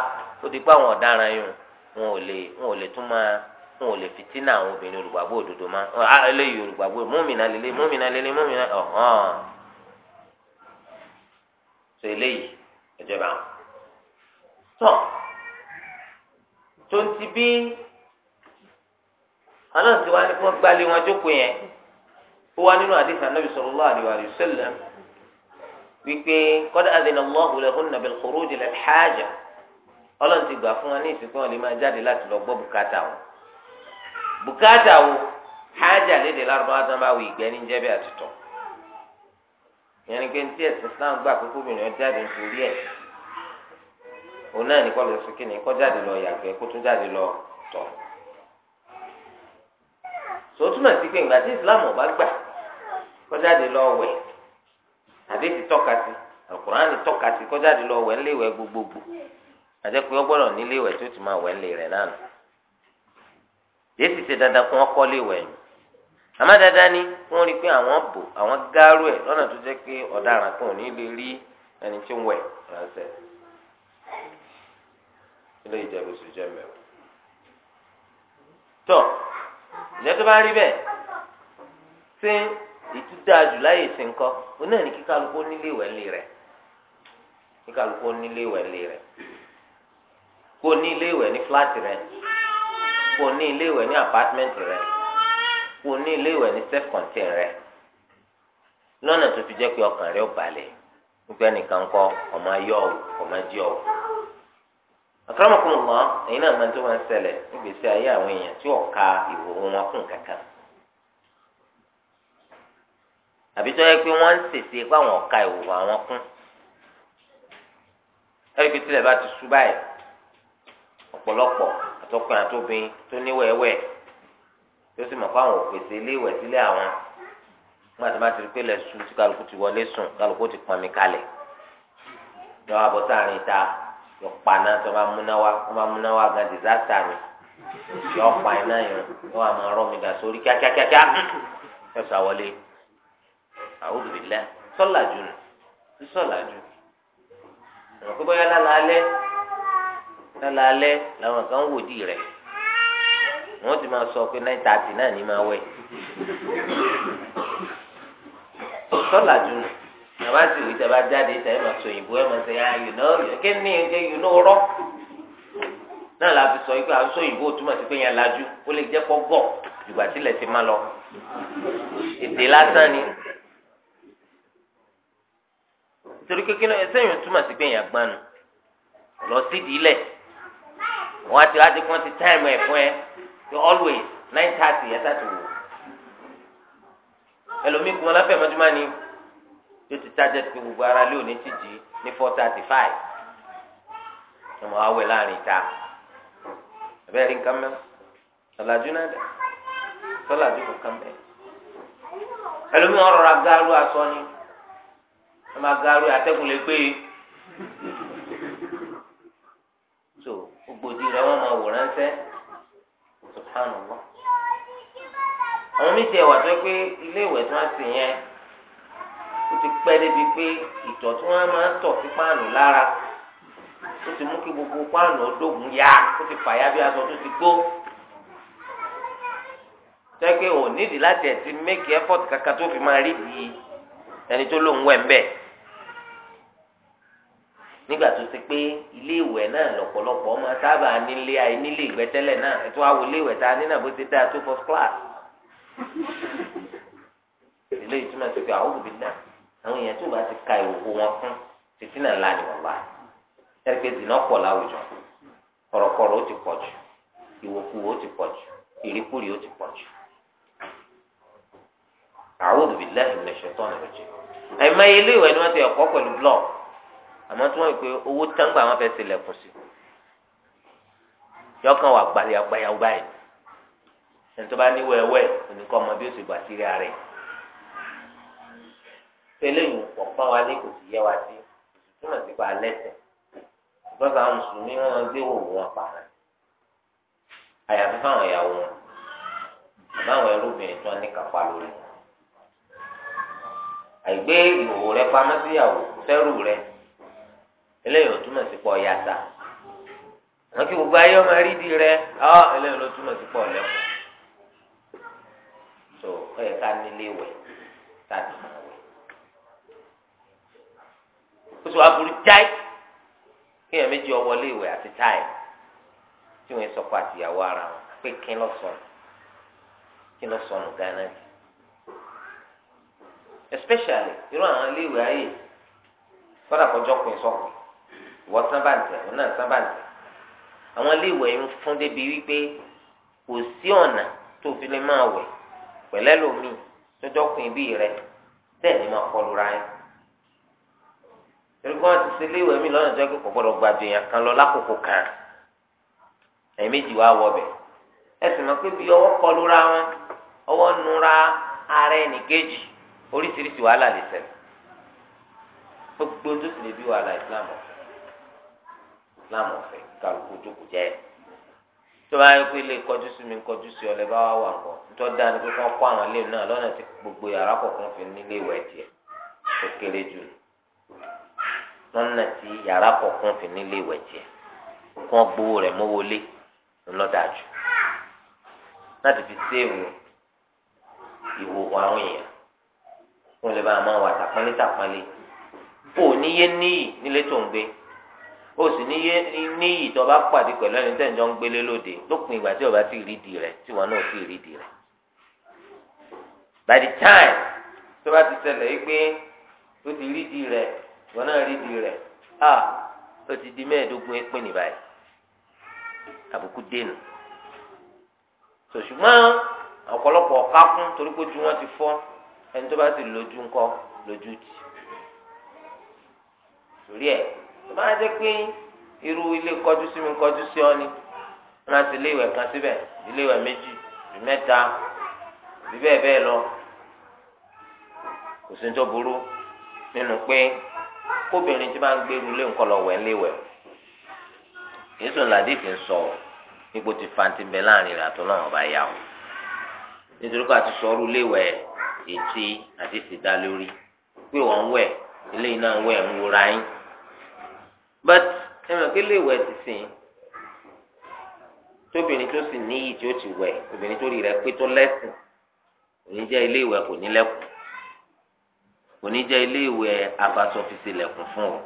ó ti pa àwọn ọ̀daràn yìí wọn ò lè wọn ò lè tún máa wọn ò lè fìtínà àwọn obìnrin olùgbàgbọ́ òdodo má eléyìí olùgbàgbọ́ múmìnà lélẹ̀ múmìnà lélẹ̀ múmìnà ọ̀hán tó eléyìí ìjọba tó tó ti bí aláǹtí wa ni kò gbalé wọn jókòó yẹn ó wá nínú àdìsá nàbì sallallahu alaihi wa sallam wípé qad adhina Allahu lahunna bil khuruj lil haja ọlọ́run ti gbà fún wa ní ìsìnkú wọn lè máa jáde láti lọ gbọ́ bùkátà wọn. bùkátà wo hájà lédè lárúbáwá tán igbe wù ìgbẹ́ ní jẹ́bẹ́ ni pé ní tí Islam gbà pé kóbìnrin jáde nítorí ẹ̀ òun náà ní kọ́ lọ sókè ní lọ lọ so túmọ̀ sí pé ìgbà Islam ọba gbà kọ́ jáde lọ wẹ̀ àbí ti tọ́ka lọ ti yéé sì ṣe dandan kó wọn kọ́lé ìwẹ̀ yìí àmọ́ dandan ni wọ́n rí i pé àwọn bò àwọn gáró ẹ̀ lọ́nà tó jẹ́ pé ọ̀daràn kan ò ní lè rí ẹni tí ń wẹ̀ ránṣẹ́ ilé ìjẹ́bù sì jẹ́ mẹ́wàá. tọ́ ìjẹ́ tó bá rí bẹ́ẹ̀ ṣé ìtúdá jù láyè ìsìnkọ́ ó náà ní kíkálukú nílé ìwẹ̀ ńlẹ̀ rẹ̀ kíkálukú nílé ìwẹ̀ ńlẹ̀ rẹ̀ kó nílé ìwẹ̀ ní fúláàtì rẹ̀ kò ní ilé ìwẹ̀ ní apartment rẹ kò ní ilé ìwẹ̀ ní self contain rẹ lọ́nà tó fi jẹ́ pé ọkàn rẹ ò balẹ̀ nígbà nìkan kọ́ ọmọ ayọ́ ò ọmọ ajé ò. àkàràmọ̀kùnrin kan náà máa ń tó máa ń ṣẹlẹ̀ nígbèsí ayé àwọn èèyàn tí ọ̀ka ìwò wọn kún kankan. àbí tó yẹ pé wọ́n ń ṣèṣe pé àwọn ọ̀ka ìwò àwọn kún. ẹ̀rí pé bá ti sú báyìí ọ̀pọ̀lọpọ̀ àtọkùnrin àtobìnrin tó ní wẹ́wẹ́ tó sì mọ̀ fáwọn òpèsè ilé ìwẹ̀ sílé àwọn wọn àti máa ti rí pé lẹ́sùn tí kálukú ti wọlé sùn kálukú ti pọnmi kalẹ̀ yọ abọ́ sáàrin ta yọ paná tó bá múná wá tó bá múná wá gan disaster mi yọ pa iná yẹn yọ wà máa rọ mi gà sórí kíákíákíá yọ sà wọlé àwùjọ ìlẹ sọlá jù nù sọlá jù nù kó bóyá lánàá alẹ́ lọ́la alẹ́ làwọn kan ń wòdì rẹ̀ wọ́n ti máa sọ pé nine thirty náà ní máa wẹ̀ sọ́là jù nù bàbá sì wí tẹ́ bá jáde tẹ́ ẹ máa sọ òyìnbó ẹ máa sọ yà yìí náà yìí kí ni ẹ yìí náà rọ́ náà la fi sọ yìí pé àwọn sọ òyìnbó túmọ̀ sí pé yẹn lajú ó lè jẹ́ kó gọ̀ ìgbà tí ilẹ̀ ti máa lọ èdè lásán ni torí kékeré ẹsẹ̀ yìí túmọ̀ sí pé yẹn gbanu lọ sídìí lẹ̀ wọn àti láti kún ti táìmù ẹ fún ẹ to always nine thirty ẹ sáà ti wò ẹlòmíì kún ọlọpẹ mọtúmọ ni yóò ti tájẹ pé gbogbo ara lé òní ti jí ní four thirty five ọmọ awẹ láàrin ìta ẹbẹ rí nǹkan mẹ ọlàjú náà dẹ sọlàjú kankan mẹ ẹlòmíì wọn rọra gáárù asọ ni wọn máa gáárù atẹkùn lè gbé e rẹ wọn máa wò ránṣẹ́ subhanallah àwọn méjì ẹwà tó pé ilé ìwẹ̀ tí wọ́n ti yẹn ó ti pẹ́ débi pé ìtọ̀ tí wọ́n máa ń tọ̀ sí páànù lára ó ti mú kí gbogbo páànù ọdógún yá ó ti fàyà bí aṣọ tó ti gbó tẹ́ pé ò nídìí láti ẹ̀ ti make effort kankan tó fi máa rí di ẹni tó lóun wẹ̀ ń bẹ̀ nígbà tó ti pé ilé ìwẹ̀ náà lọ́pọ̀lọpọ̀ ọmọ sábà nílé ayé nílé ìgbẹ́ tẹ́lẹ̀ náà ẹ̀ tó wá wo ilé ìwẹ̀ tá a ní náà bó ti dáa tó first class. ilé ìtumọ̀ sí pé àwọn òbí náà àwọn èèyàn tó bá ti ka ìwòwò wọn fún títí náà la ni wọ́n bá ẹ̀rí pé zìnà pọ̀ láwùjọ kọ̀rọ̀kọ̀rọ̀ ó ti pọ̀ jù ìwòkuwò ó ti pọ̀ jù ìrìkúrì ó ti pọ̀ jù. àwọn òbí náà ìmọ̀ ẹ̀ṣẹ̀ tọ́ àmọ́ tí wọ́n yìí pé owó táǹgbà wọn fẹ́ẹ́ ṣílẹ̀kùn sí yọkàn wà gbayagbayawo báyìí ẹni tó bá ní wẹ́wẹ́ oníkọ́ ọmọ bí ó sì gbà sírí ara ẹ̀ tẹ́lẹ̀ yìí pọ̀ fún wa ní kò sì yẹ wa sí túmọ̀ sí pa lẹ́sẹ̀ ìgbọ́sọ̀ àwọn mùsùlùmí wọn gbé wò wọn pààrọ̀ àyàfi fáwọn ìyàwó wọn àbáwọn ẹrúbìnrin tí wọn ní kápá lórí àìgbé ìhòòhò rẹ pamọ́ síyàwó fẹ́rù rẹ eléyìí ò túmọ̀ sí pọ̀ yàtà wọn kí gbogbo ayé ọmọ rí di rẹ ọ eléyìí ló túmọ̀ sí pọ̀ lẹ́kọ̀ọ́ so ó yẹ ká nílé wẹ̀ láti mọ̀ wẹ̀ ó sì wá burú jáì kí èèyàn méjì ọwọ́lé ìwẹ̀ àti táì tí wọ́n sọ pé àtìyàwó ara wọn pé kí ló sọnù kí ló sọnù gánà jù especially irú àwọn ilé ayé fọdà pin wọ́n sábà ń tẹ̀ wọ́n náà sábà ń tẹ̀ àwọn iléèwé ń fún débi wípé kò sí ọ̀nà tó fi lè máa wẹ̀ pẹ̀lẹ́ lomi tọ́jọ́kùn ibi rẹ̀ tẹ́ẹ̀ ní máa kọlu ra yẹn torí kí wọ́n ti ṣe iléèwé mi lọ́nà jẹ́ kó gbọ́dọ̀ gbàdùn yẹn kan lọ lákòókò kan ẹ̀yìn méjì wá wọ bẹ̀ ẹ sì mọ̀ pé bí ọwọ́ kọlu ra wọn ọwọ́ nura ara ẹnì kejì oríṣiríṣi wàhálà lè ṣẹlẹ̀ gbogbo tó sì lè bí wàhálà ìsìlámù ọ̀fẹ́ islam ọ̀fẹ́ kálukú jókòó jẹ́ ẹ̀. tó bá yẹ pé lè kọjú sí mi kọjú sí ọlẹ́ bá wà wà nǹkan tó dáa ni pé kí wọ́n kọ́ àwọn ilé náà lọ́nà tí gbogbo yàrá kọ̀ọ̀kan fi nílé ìwẹ̀ tiẹ̀ tó kéré jù lọ́nà tí yàrá kọ̀ọ̀kan fi nílé ìwẹ̀ tiẹ̀ kó wọ́n gbowó rẹ̀ mọ́wó lé ńlọ́dàjù láti fi séèwù ìwòwò àwọn èèyàn fún lè bá a máa wà tàpọ́nlé tàpọ́nlé kò níyé níyì nílé tó ń gbé o sì ní níyì tó bá pàdé pẹ̀lú ẹni tẹ́ ń jọ ń gbélé lóde lópin ìgbà tí o bá ti rí di rẹ̀ tí wọn náà ti rí di rẹ̀. by the time tó bá ti ṣẹlẹ̀ yìí pé o ti rí di rẹ̀ wọn náà rí di rẹ̀ a o ti di mẹ́ẹ̀ẹ́dógún pín ní báyìí àbùkù dénú. sòṣùgbọ́n ọ̀pọ̀lọpọ̀ ọ̀ká kún torí pé ojú wọn ti fọ́ ẹni tó bá ti lójú ńkọ́ lójú tì. torí ẹ̀ bá jẹ́ pé irú ilé kọjú sí mi kọjú sí ọ ni wọn á ti ilé ìwẹ̀ kan síbẹ̀ ilé ìwẹ̀ méjì ìlú mẹ́ta ìlú bẹ́ẹ̀ bẹ́ẹ̀ lọ kò sí ní tó burú nínú pé kóbìnrin tí máa ń gbé ilé ńkọ lọ wẹ̀ ńléwẹ̀ yéésù ńláde fi ń sọ ipò tí fanti láàrin rẹ̀ àtọ́ náà ọba yá o nítorí pé a ti sọ̀rọ̀ léwẹ̀ ètí àti ìsìdá lórí pé wọ́n ń wẹ̀ ilé iná ń wẹ̀ ń wúra yín but ẹmọ kí lè wẹ̀ ti sìn tóbìnrin tó sì níyì tí ó ti wẹ̀ obìnrin tó rí rẹ̀ pé tó lẹ́sìn oníjẹ ilé ìwẹ̀ kò ní lẹ́kùn oníjẹ ilé ìwẹ̀ abatọfisi lẹ́kùn fún ọ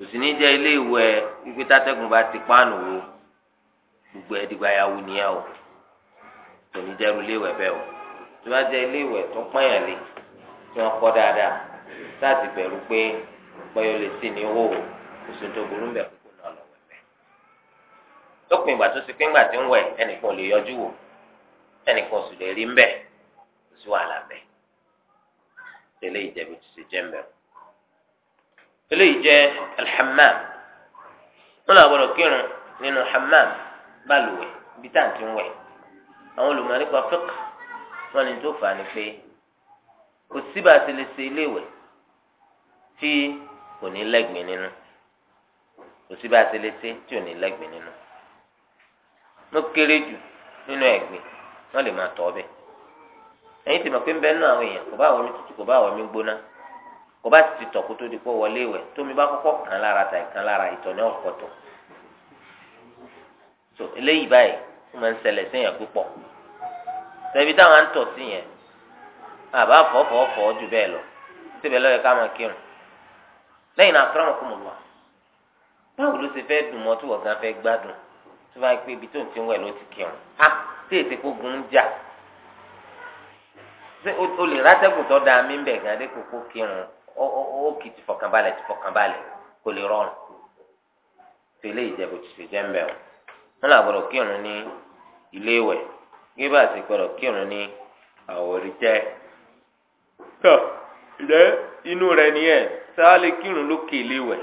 òsì ní jẹ ilé ìwẹ̀ wípé tátẹkùn bá ti páànù wo gbogbo ẹdìgbàyàwó nìyẹn o kò ní jẹ ilé ìwẹ̀ bẹ́ẹ̀ o tó bá jẹ ilé ìwẹ̀ tó pẹ́yàn lé tí wọ́n kọ́ dáadáa láti bẹ̀rù pé pẹ́yọ́ lè sí ní owó o oṣù tó burú bẹ̀ kúkú náà lọ wẹ̀ bẹ̀. lópin ìgbà tó ti pín ìgbà tí ń wẹ̀ ẹnìkan lè yọjú wò ẹnìkan sì lè rí ń bẹ̀ kò sí wàhálà bẹ̀. tẹ́lẹ̀ ìjẹ́bi ti ṣe jẹ́ ń bẹ̀. tẹ́lẹ̀ ìjẹ́ alhamam wọn làwọn gbọdọ̀ kírun nínú hamam balùwẹ̀ ibi tá à ń ti ń wẹ̀. àwọn olùmọ̀ nípa fíkà wọn ni tó fà á ni pé kò síbà ti lè ṣe ilé tí kò ní lẹ́gbẹ̀ẹ́ nínú kò sí bá a ṣe lè ṣe tí ò ní lẹ́gbìn nínú ló kéré jù nínú ẹ̀gbin wọ́n lè máa tọ́ ọ bẹ́ẹ̀ ẹ̀yin ti mọ̀ pé ń bẹ́ẹ̀ nù àwọn èèyàn kò bá àwọn omi tútù kò bá àwọn omi gbóná kò bá ti tọ̀ kó tó di pọ̀ wọlé ìwẹ̀ tómi bá kọ́kọ́ kàn lára tàì kàn lára ìtọ̀ ní ọ̀pọ̀ tọ̀ so eléyìí báyìí wọ́n máa ń ṣẹlẹ̀ séèyàn púpọ̀ tẹ̀bi táwọn á ń tọ̀ sí yẹn àbá fọ́fọ́fọ́ ju bẹ́ẹ̀ lọ síbẹ̀ lọ́yẹ ká máa kírun lẹ́yìn náà báwo ló ṣe fẹ́ dùn mọ́ tí wọ́n gan fẹ́ gbádùn tó bá pé ibi tó ń ti wẹ̀ ló ti kírun á tí èsì kó gun ń jà ṣé o lè rátẹ́gùn tó dáa mí bẹ̀ gan dé kókó kírun ó kì í ti fọkànbalẹ̀ ti fọkànbalẹ̀ kò lè rọrùn tẹ̀lé ìjẹ̀bù ti ṣe jẹ́ ń bẹ̀ o wọn là gbọdọ̀ kírun ní ilé ìwẹ̀ gbé bá ti gbọdọ̀ kírun ní àwòrí jẹ́ tó ìdẹ́ inú rẹ̀ nìyẹn sáà lè kírun lókè ilé ìwẹ̀.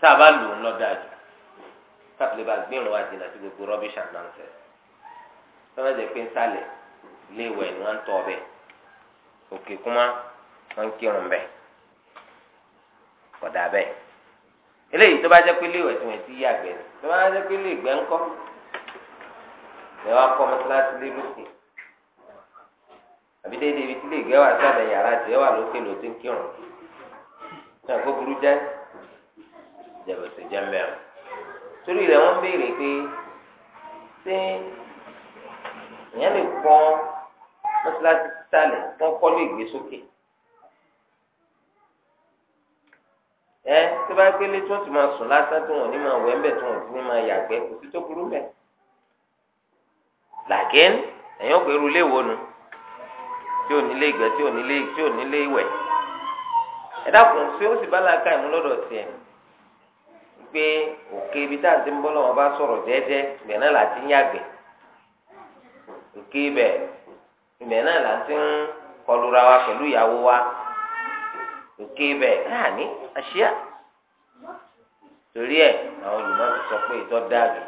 tá a bá lò ń lọ dájú káfílẹ̀ bá gbẹ̀rún wa jìnnà sí gbogbo rubbish and nonsense sọ́nà jẹ́ pé nsàlẹ̀ léèwẹ̀ ni wọ́n ń tọ́ ọbẹ̀ òkè kúmá wọ́n ń kírun bẹ́ẹ̀ kọ̀dà bẹ́ẹ̀ eléyìí tó bá jẹ́ pé léèwẹ̀ tí wọ́n ti yí àgbẹ̀ ni tó bá jẹ́ pé léègbẹ́ ńkọ́ lè wá kọ́ mọ́tíláṣí lérúkè àbí déédéé ibi tí léègbẹ́ wà sábẹ̀ yàrá tẹ̀ wà lókè lóòótọ́ kírun náà kó burú jẹ́ jẹ̀bẹ̀sẹ̀ jẹ́mbẹ̀ o torí rẹ̀ wọ́n béèrè pé ṣé èèyàn lè kọ́ mọ́tíláṣí sálẹ̀ wọ́n kọ́ lè gbé sókè ẹ tó bá gbélé tí wọ́n ti máa sùn lásán tí wọ́n ní máa wẹ̀ ń bẹ̀ tí wọ́n ti ní máa yàgbẹ́ kò sí tó burú mẹ́ làgẹ́n èèyàn pẹ̀lú ilé wo nu tí ò nílé ìgbẹ́ tí ò nílé tí ò nílé ìwẹ̀ ẹ dákun tí ó sì bá làákà ìmúlọ́dọ̀ tiẹ̀ pé òkè ibi tá à ń ti ń bọ́ lọ́wọ́ bá sọ̀rọ̀ jẹ́jẹ́ ibẹ̀ náà là ti ń yàgbẹ́ òkè ibẹ̀ ibẹ̀ náà là ti ń kọlura wa pẹ̀lú ìyàwó wa òkè ibẹ̀ náà ní àṣìá torí ẹ̀ àwọn olùmọ̀ ti sọ pé ìtọ́ dáàbò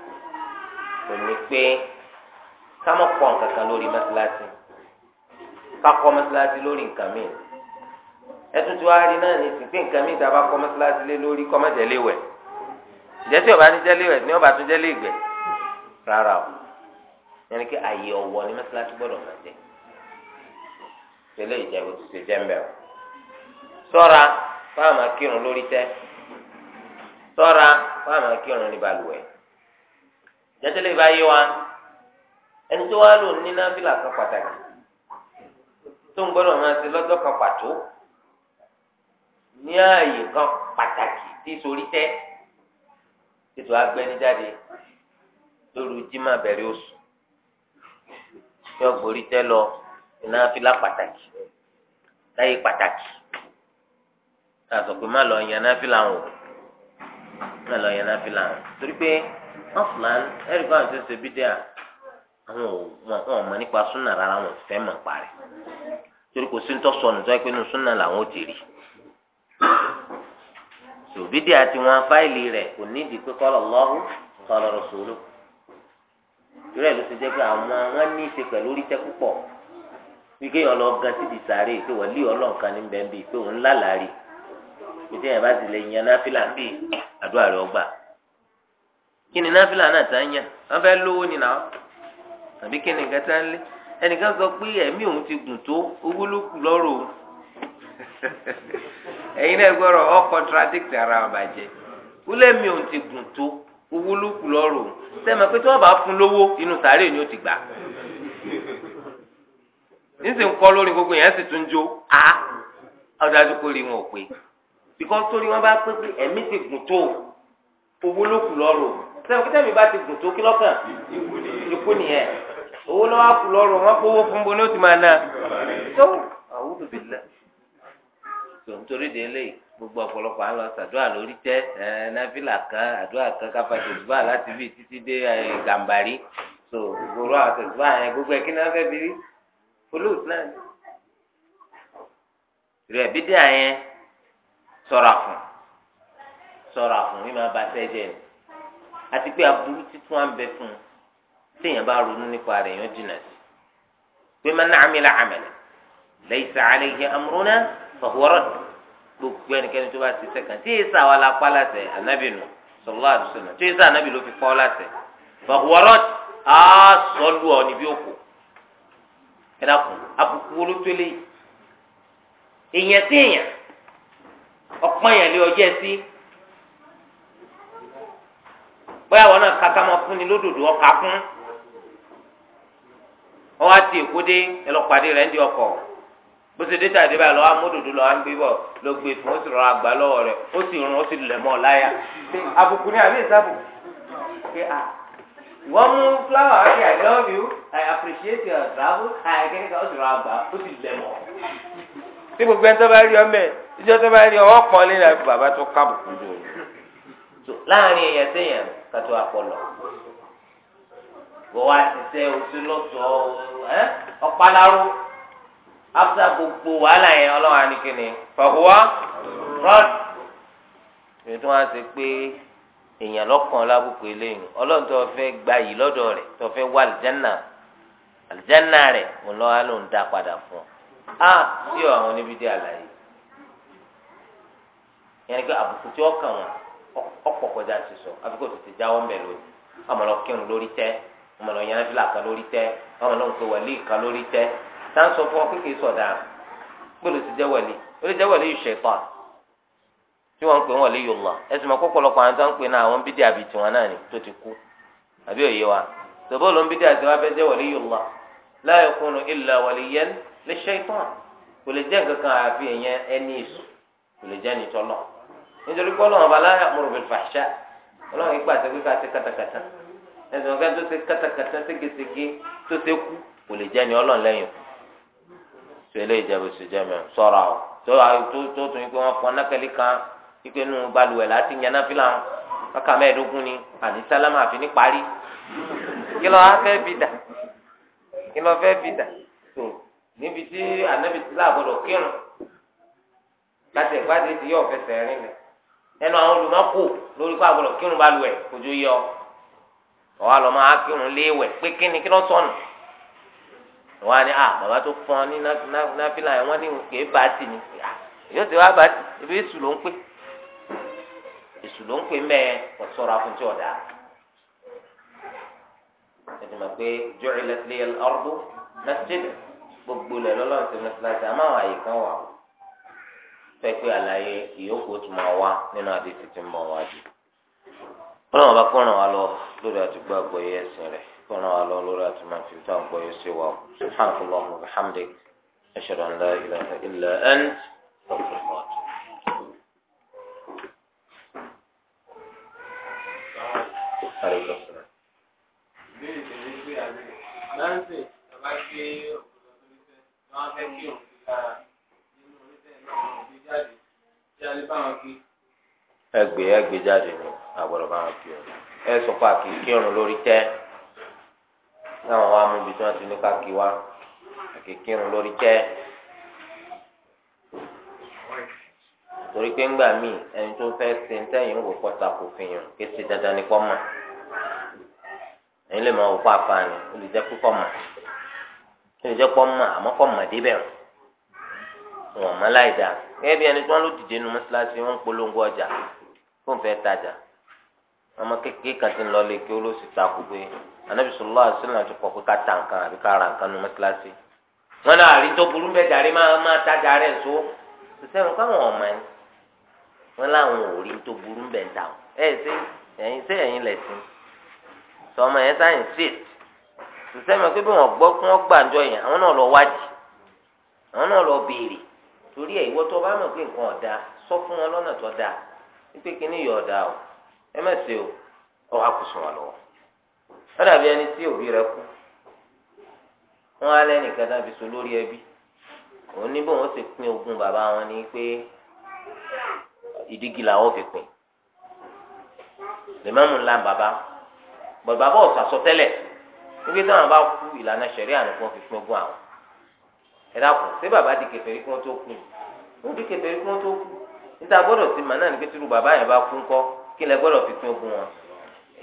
kò ní pé kámọ́ pọ̀ nǹkan kan lórí mọ́sálásí kakọ́ mọ́sálásí lórí nǹkan mìíràn ẹtùtù àárín náà ní ìsìn pé nǹkan mìíràn tá a bá kọ́ mọ́sálásí lé lórí kọ́ mọ́jẹ̀lé wẹ̀ jẹ́sí ọba ní jẹ́lé rẹ̀ ní ọba tún jẹ́lé ìgbẹ́ rárá o yẹn kí àyè ọ̀wọ́ ní mẹ́sàlásí gbọ́dọ̀ máa jẹ́ tẹ́lẹ̀ ìjẹ́wò ti ṣe jẹ́ńbẹ́ o sọ́ra fáwọn máa kírun lórí tẹ́ sọ́ra fáwọn máa kírun ní balùwẹ̀ jẹ́tẹ́lẹ̀ bá yé wa ẹni tó wá lò ní nábìlà kan pàtàkì tó ń gbọ́dọ̀ máa ṣe lọ́jọ́ kan pàtó ní ààyè kan pàtàkì tí sorí tẹ́ ètò agbẹnijáde lóru jimá bẹ̀rẹ̀ oṣù tí wọn gbórí tẹ lọ iná fílà pàtàkì láyé pàtàkì àtọ pé má lọ yan náà fílà wọn má lọ yan náà fílà wọn torí pé wọn fúlan ẹrí kó àwọn tó ṣe bídẹ à àwọn wọn wọn mọ nípa súnà rárá wọn fẹ́ mọ̀ parí torí kò sí ń tọ́ sọnù tó yẹ pé nù súnà làwọn ò ti rí tó bídìí àti wọn fáìlì rẹ̀ kò nídìí pé qala Allahu qala rasulu ìrẹ́ ló ti jẹ́ pé àwọn wọn ní í ṣe pẹ̀lú oríṣẹ́ púpọ̀ wíkẹ́ yọ lọ gan síbi sáré pé lé pé òun lálàárí pété yẹn bá yan náfìlà ń àdúrà ọgbà kí ni náfìlà náà tá ń yàn wọ́n fẹ́ lówó ni náà àbí kí ni nǹkan tá ń lé ẹnìkan sọ pé ẹ̀mí òun ti gùn tó owó ló kù lọ́rùn òun ẹ̀yin náà gbọ́dọ̀ ọ́ contradict ara wọn bàjẹ́ wúlẹ̀ mi ò ti gùn tó owó ló kù lọ́rùn sẹ́mi pé tí wọ́n bá fún lówó inú sàárè ni ó ti gbà nísìnyí kọ́ lórí gbogbo yẹn sì tún jó a ọ̀dájú kò rí wọn ò pé because torí wọn bá pé pé ẹ̀mí ti gùn tó owó ló kù lọ́rùn sẹ́mi pé tẹ́mi bá ti gùn tó kí lọ́kàn ikú nìyẹn owó lọ́wọ́ kù lọ́rùn wọn kówó fún bo ni ó ti máa ná tó àwùjọ bìí tó nítorí de eléyìí gbogbo ọ̀pọ̀lọpọ̀ àlọ́ sàdúrà lórí tẹ́ ẹ náfìlà kan àdúrà kan kápákẹ́ ìdúbà láti bí títí dé gàmbàrí tó gbòòrò àti ìdúbà yẹn gbogbo ẹ̀ kí ni wọ́n fẹ́ bírí olú islam rẹ̀ bídí àyẹn sọ̀rọ̀ fún sọ̀rọ̀ fún mi máa ba sẹ́jẹ̀ ni àti pé aburú títún à ń bẹ fún un téèyàn bá ronú nípa rẹ̀ yẹn jìnnà sí pé man amila fọwọ́rọ́ gbogbo ẹnikẹ́ni tó bá ti sẹ́kàn tí èyí sàwọn alápá láṣẹ ànábì nù sallallahu alaihi wasallam tí èyí sàwọn ànábì ló fi kọ́ láṣẹ fọwọ́rọ́ á sọ lù ọ níbi òkú ẹ dákun abùkù wo ló tó lé èèyàn sí èèyàn ọ̀pọ̀ èèyàn lé ọjọ́ ẹ sí bóyá wọn náà kaka máa fún ni lódòdó ọkà fún wọn wá ti èkó dé ẹ lọ rẹ ń di ọkọ̀ bó ṣe déta ìdíbà lọ amódòdó lọ àgbé bọ lọ gbé fún ó sì rọra gbà lọ́wọ́ rẹ̀ ó sì rún ó sì lẹ̀ mọ́ láyà àbùkù ni àbí ìsàbù wọ́n mú fúláwà ọ̀kẹ́ I love you I appreciate your travel àìkẹ́kẹ́ ó sì rọra gbà ó sì lẹ̀ mọ́. tí gbogbo ẹni tó bá rí ọmọ ẹ ìjọ tó bá rí ọwọ́ pọ́n lé láti bàbá tó kábùkù jù ú láàrin èèyàn séèyàn kàtó àpọ̀lọ̀ bọ̀ wá ti sẹ́ òṣèlú ọ̀pá láró after gbogbo wàhálà yẹn ọlọ́wà ni kí ni fọwọ́ rọ́d èyí tó wá sí pé èèyàn lọ́kàn lábùkù eléyìí ọlọ́run tó fẹ́ gba yìí lọ́dọ̀ rẹ̀ tó fẹ́ wá àlìjánà àlìjánà rẹ̀ mo lọ́wọ́ ló ń dá padà fún ọ á ah, sí àwọn oníbi dé àlàyé yẹn pé àbùkù tí ó kàn wọn ọ̀pọ̀ kọjá ti sọ àbíkó tètè jáwọ́ ń bẹ̀ lónìí ọmọ lọ kírun lórí tẹ́ ọmọ lọ yẹn fìlà kan lórí tẹ́ ọmọ lọ ń pe wẹ̀lí kan lórí tẹ́ ta à ń sọ fún ọ pé kì í sọ̀dà gbọ́dọ̀ ti jẹ́wọ́lì ó lè yìí ṣẹ̀tọ́ tí wọ́n ń pè wọ́n lè yọ lọ ẹ̀sìn mọ́ àwọn tó ń pè náà àwọn bídìí náà ni ti kú àbí òye wa tòbó ló ń bídìí àti wọn illa li shaytan kò lè nǹkan kan àfi ẹni kò lè lọ nítorí ọlọ́run yìí pàṣẹ pé ká katakata ẹ̀sìn tó katakata ségesège tó kú kò lè ni ọlọ́run lẹ́yìn sọlẹ ìjẹbù sọjẹmẹ sọra o tó tó tún ikú wọn pọn nákẹlẹ kan ikú inú balùwẹ̀ láti yan náà fílà ọkà mẹ́ẹ̀ẹ́dógún ni àní sálámà àfi ní parí kí lọ wá fẹ́ bìdà kí lọ fẹ́ bìdà tó níbi tí ànábi ti láàbọdọ kírun láti ìpàdé ti yọ ọfẹsẹ rìn lẹ ẹnu àwọn olùmọkò lórí kó àbọdọ kírun balùwẹ̀ kòjó yọ ọ wa máa kírun léèwẹ̀ pé kíni kí lọ sọnù wọn á ní à ah, bàbá tó fún ọ ní náfìlà yẹn wọn ní kèé bá tì ní ah, yóò ti wá bá tì ibi èṣù ló ń pè èṣù ló ń pè mẹ́ẹ̀ kò sọ̀rọ̀ àfúntí ọ̀dà ẹ̀sìn mọ̀ pé jọ́ọ̀rì lẹ́sílẹ̀ ọ̀rọ̀dún mẹ́sídẹ̀ẹ́ gbogbo lẹ̀ lọ́lọ́run ti mẹ́síláṣí àmọ́ àwọn àyè kan wà fẹ́ pé àlàyé ìyókù tó máa wá nínú àdéhùn ti ń wájú. wọ́n làwọn bá kọ́ràn wa lọ lórí àdúgbò àgbọ̀yé ẹ̀sìn rẹ̀ kóra wa lọ lórí àti máa fi tó àgbọ̀ yóò ṣe wà ó subhanahu wa ta'ala alhamdi ashhadu an la ilaha illa ant astaghfiruka. ẹgbẹ́ ẹgbẹ́ jáde ni àgbọ̀dọ̀ bá wọn kí ọ ẹ sọ pé àkìkí ọ̀run lórí tẹ́. táwọn wọn mú ibi tí wọ́n ti ní káàkiri wá kékeré ń lórí torí pé ńgbà míì ẹni tó fẹ́ ṣe ń tẹ̀yìn ń wò pọ́ta kò fi hàn ṣe dandan ní lè máa wò fún àfààní ó lè jẹ́ ó lè jẹ́ àmọ́ débẹ̀ wọn gẹ́gẹ́ bí ẹni tí wọ́n ló dìde nu mọ́ṣáláṣí wọ́n ń polongo ọjà fún fẹ́ tajà ọmọ kékeré kan ti ń lọ anabi sallallahu ti pé ká ta nǹkan àbí ká ra nǹkan nu wọn náà àrí burú bẹ́ẹ̀ jàre máa máa tajà rẹ̀ so ọmọ wọn láwọn ò rí tó burú bẹ́ẹ̀ ta ẹ̀ ṣe ẹ̀yin ṣe ẹ̀yin lẹ̀sìn sọmọ ẹ̀ sáyẹn pé bí kí gbàjọ yẹn àwọn náà lọ àwọn náà lọ béèrè torí ìwọ tó bá pé nǹkan sọ fún o ẹ ó dàbí ẹni tí òbí rẹ̀ kú wọn á lẹ́nìkan dàbí so lórí ẹbí òun ní bóun ó sì pín ogún bàbá wọn ni pé ìdígi làwọn fi pín lèmọ́mù ńlá bàbá bàbá bọ̀ sàsọ tẹ́lẹ̀ níbi táwọn bá kú ìlànà sẹ̀rí ànàkùn fi pín ogún àwọn ẹ dàpọ̀ ṣé bàbá di kèfèrí kí wọ́n tó kú wọ́n di kèfèrí kí wọ́n tó kú níta gbọ́dọ̀ ti mà náà ní pé tìrú bàbá yẹn bá kú ńkọ́ kí lẹ gbọ́dọ̀ fi pín ogún wọn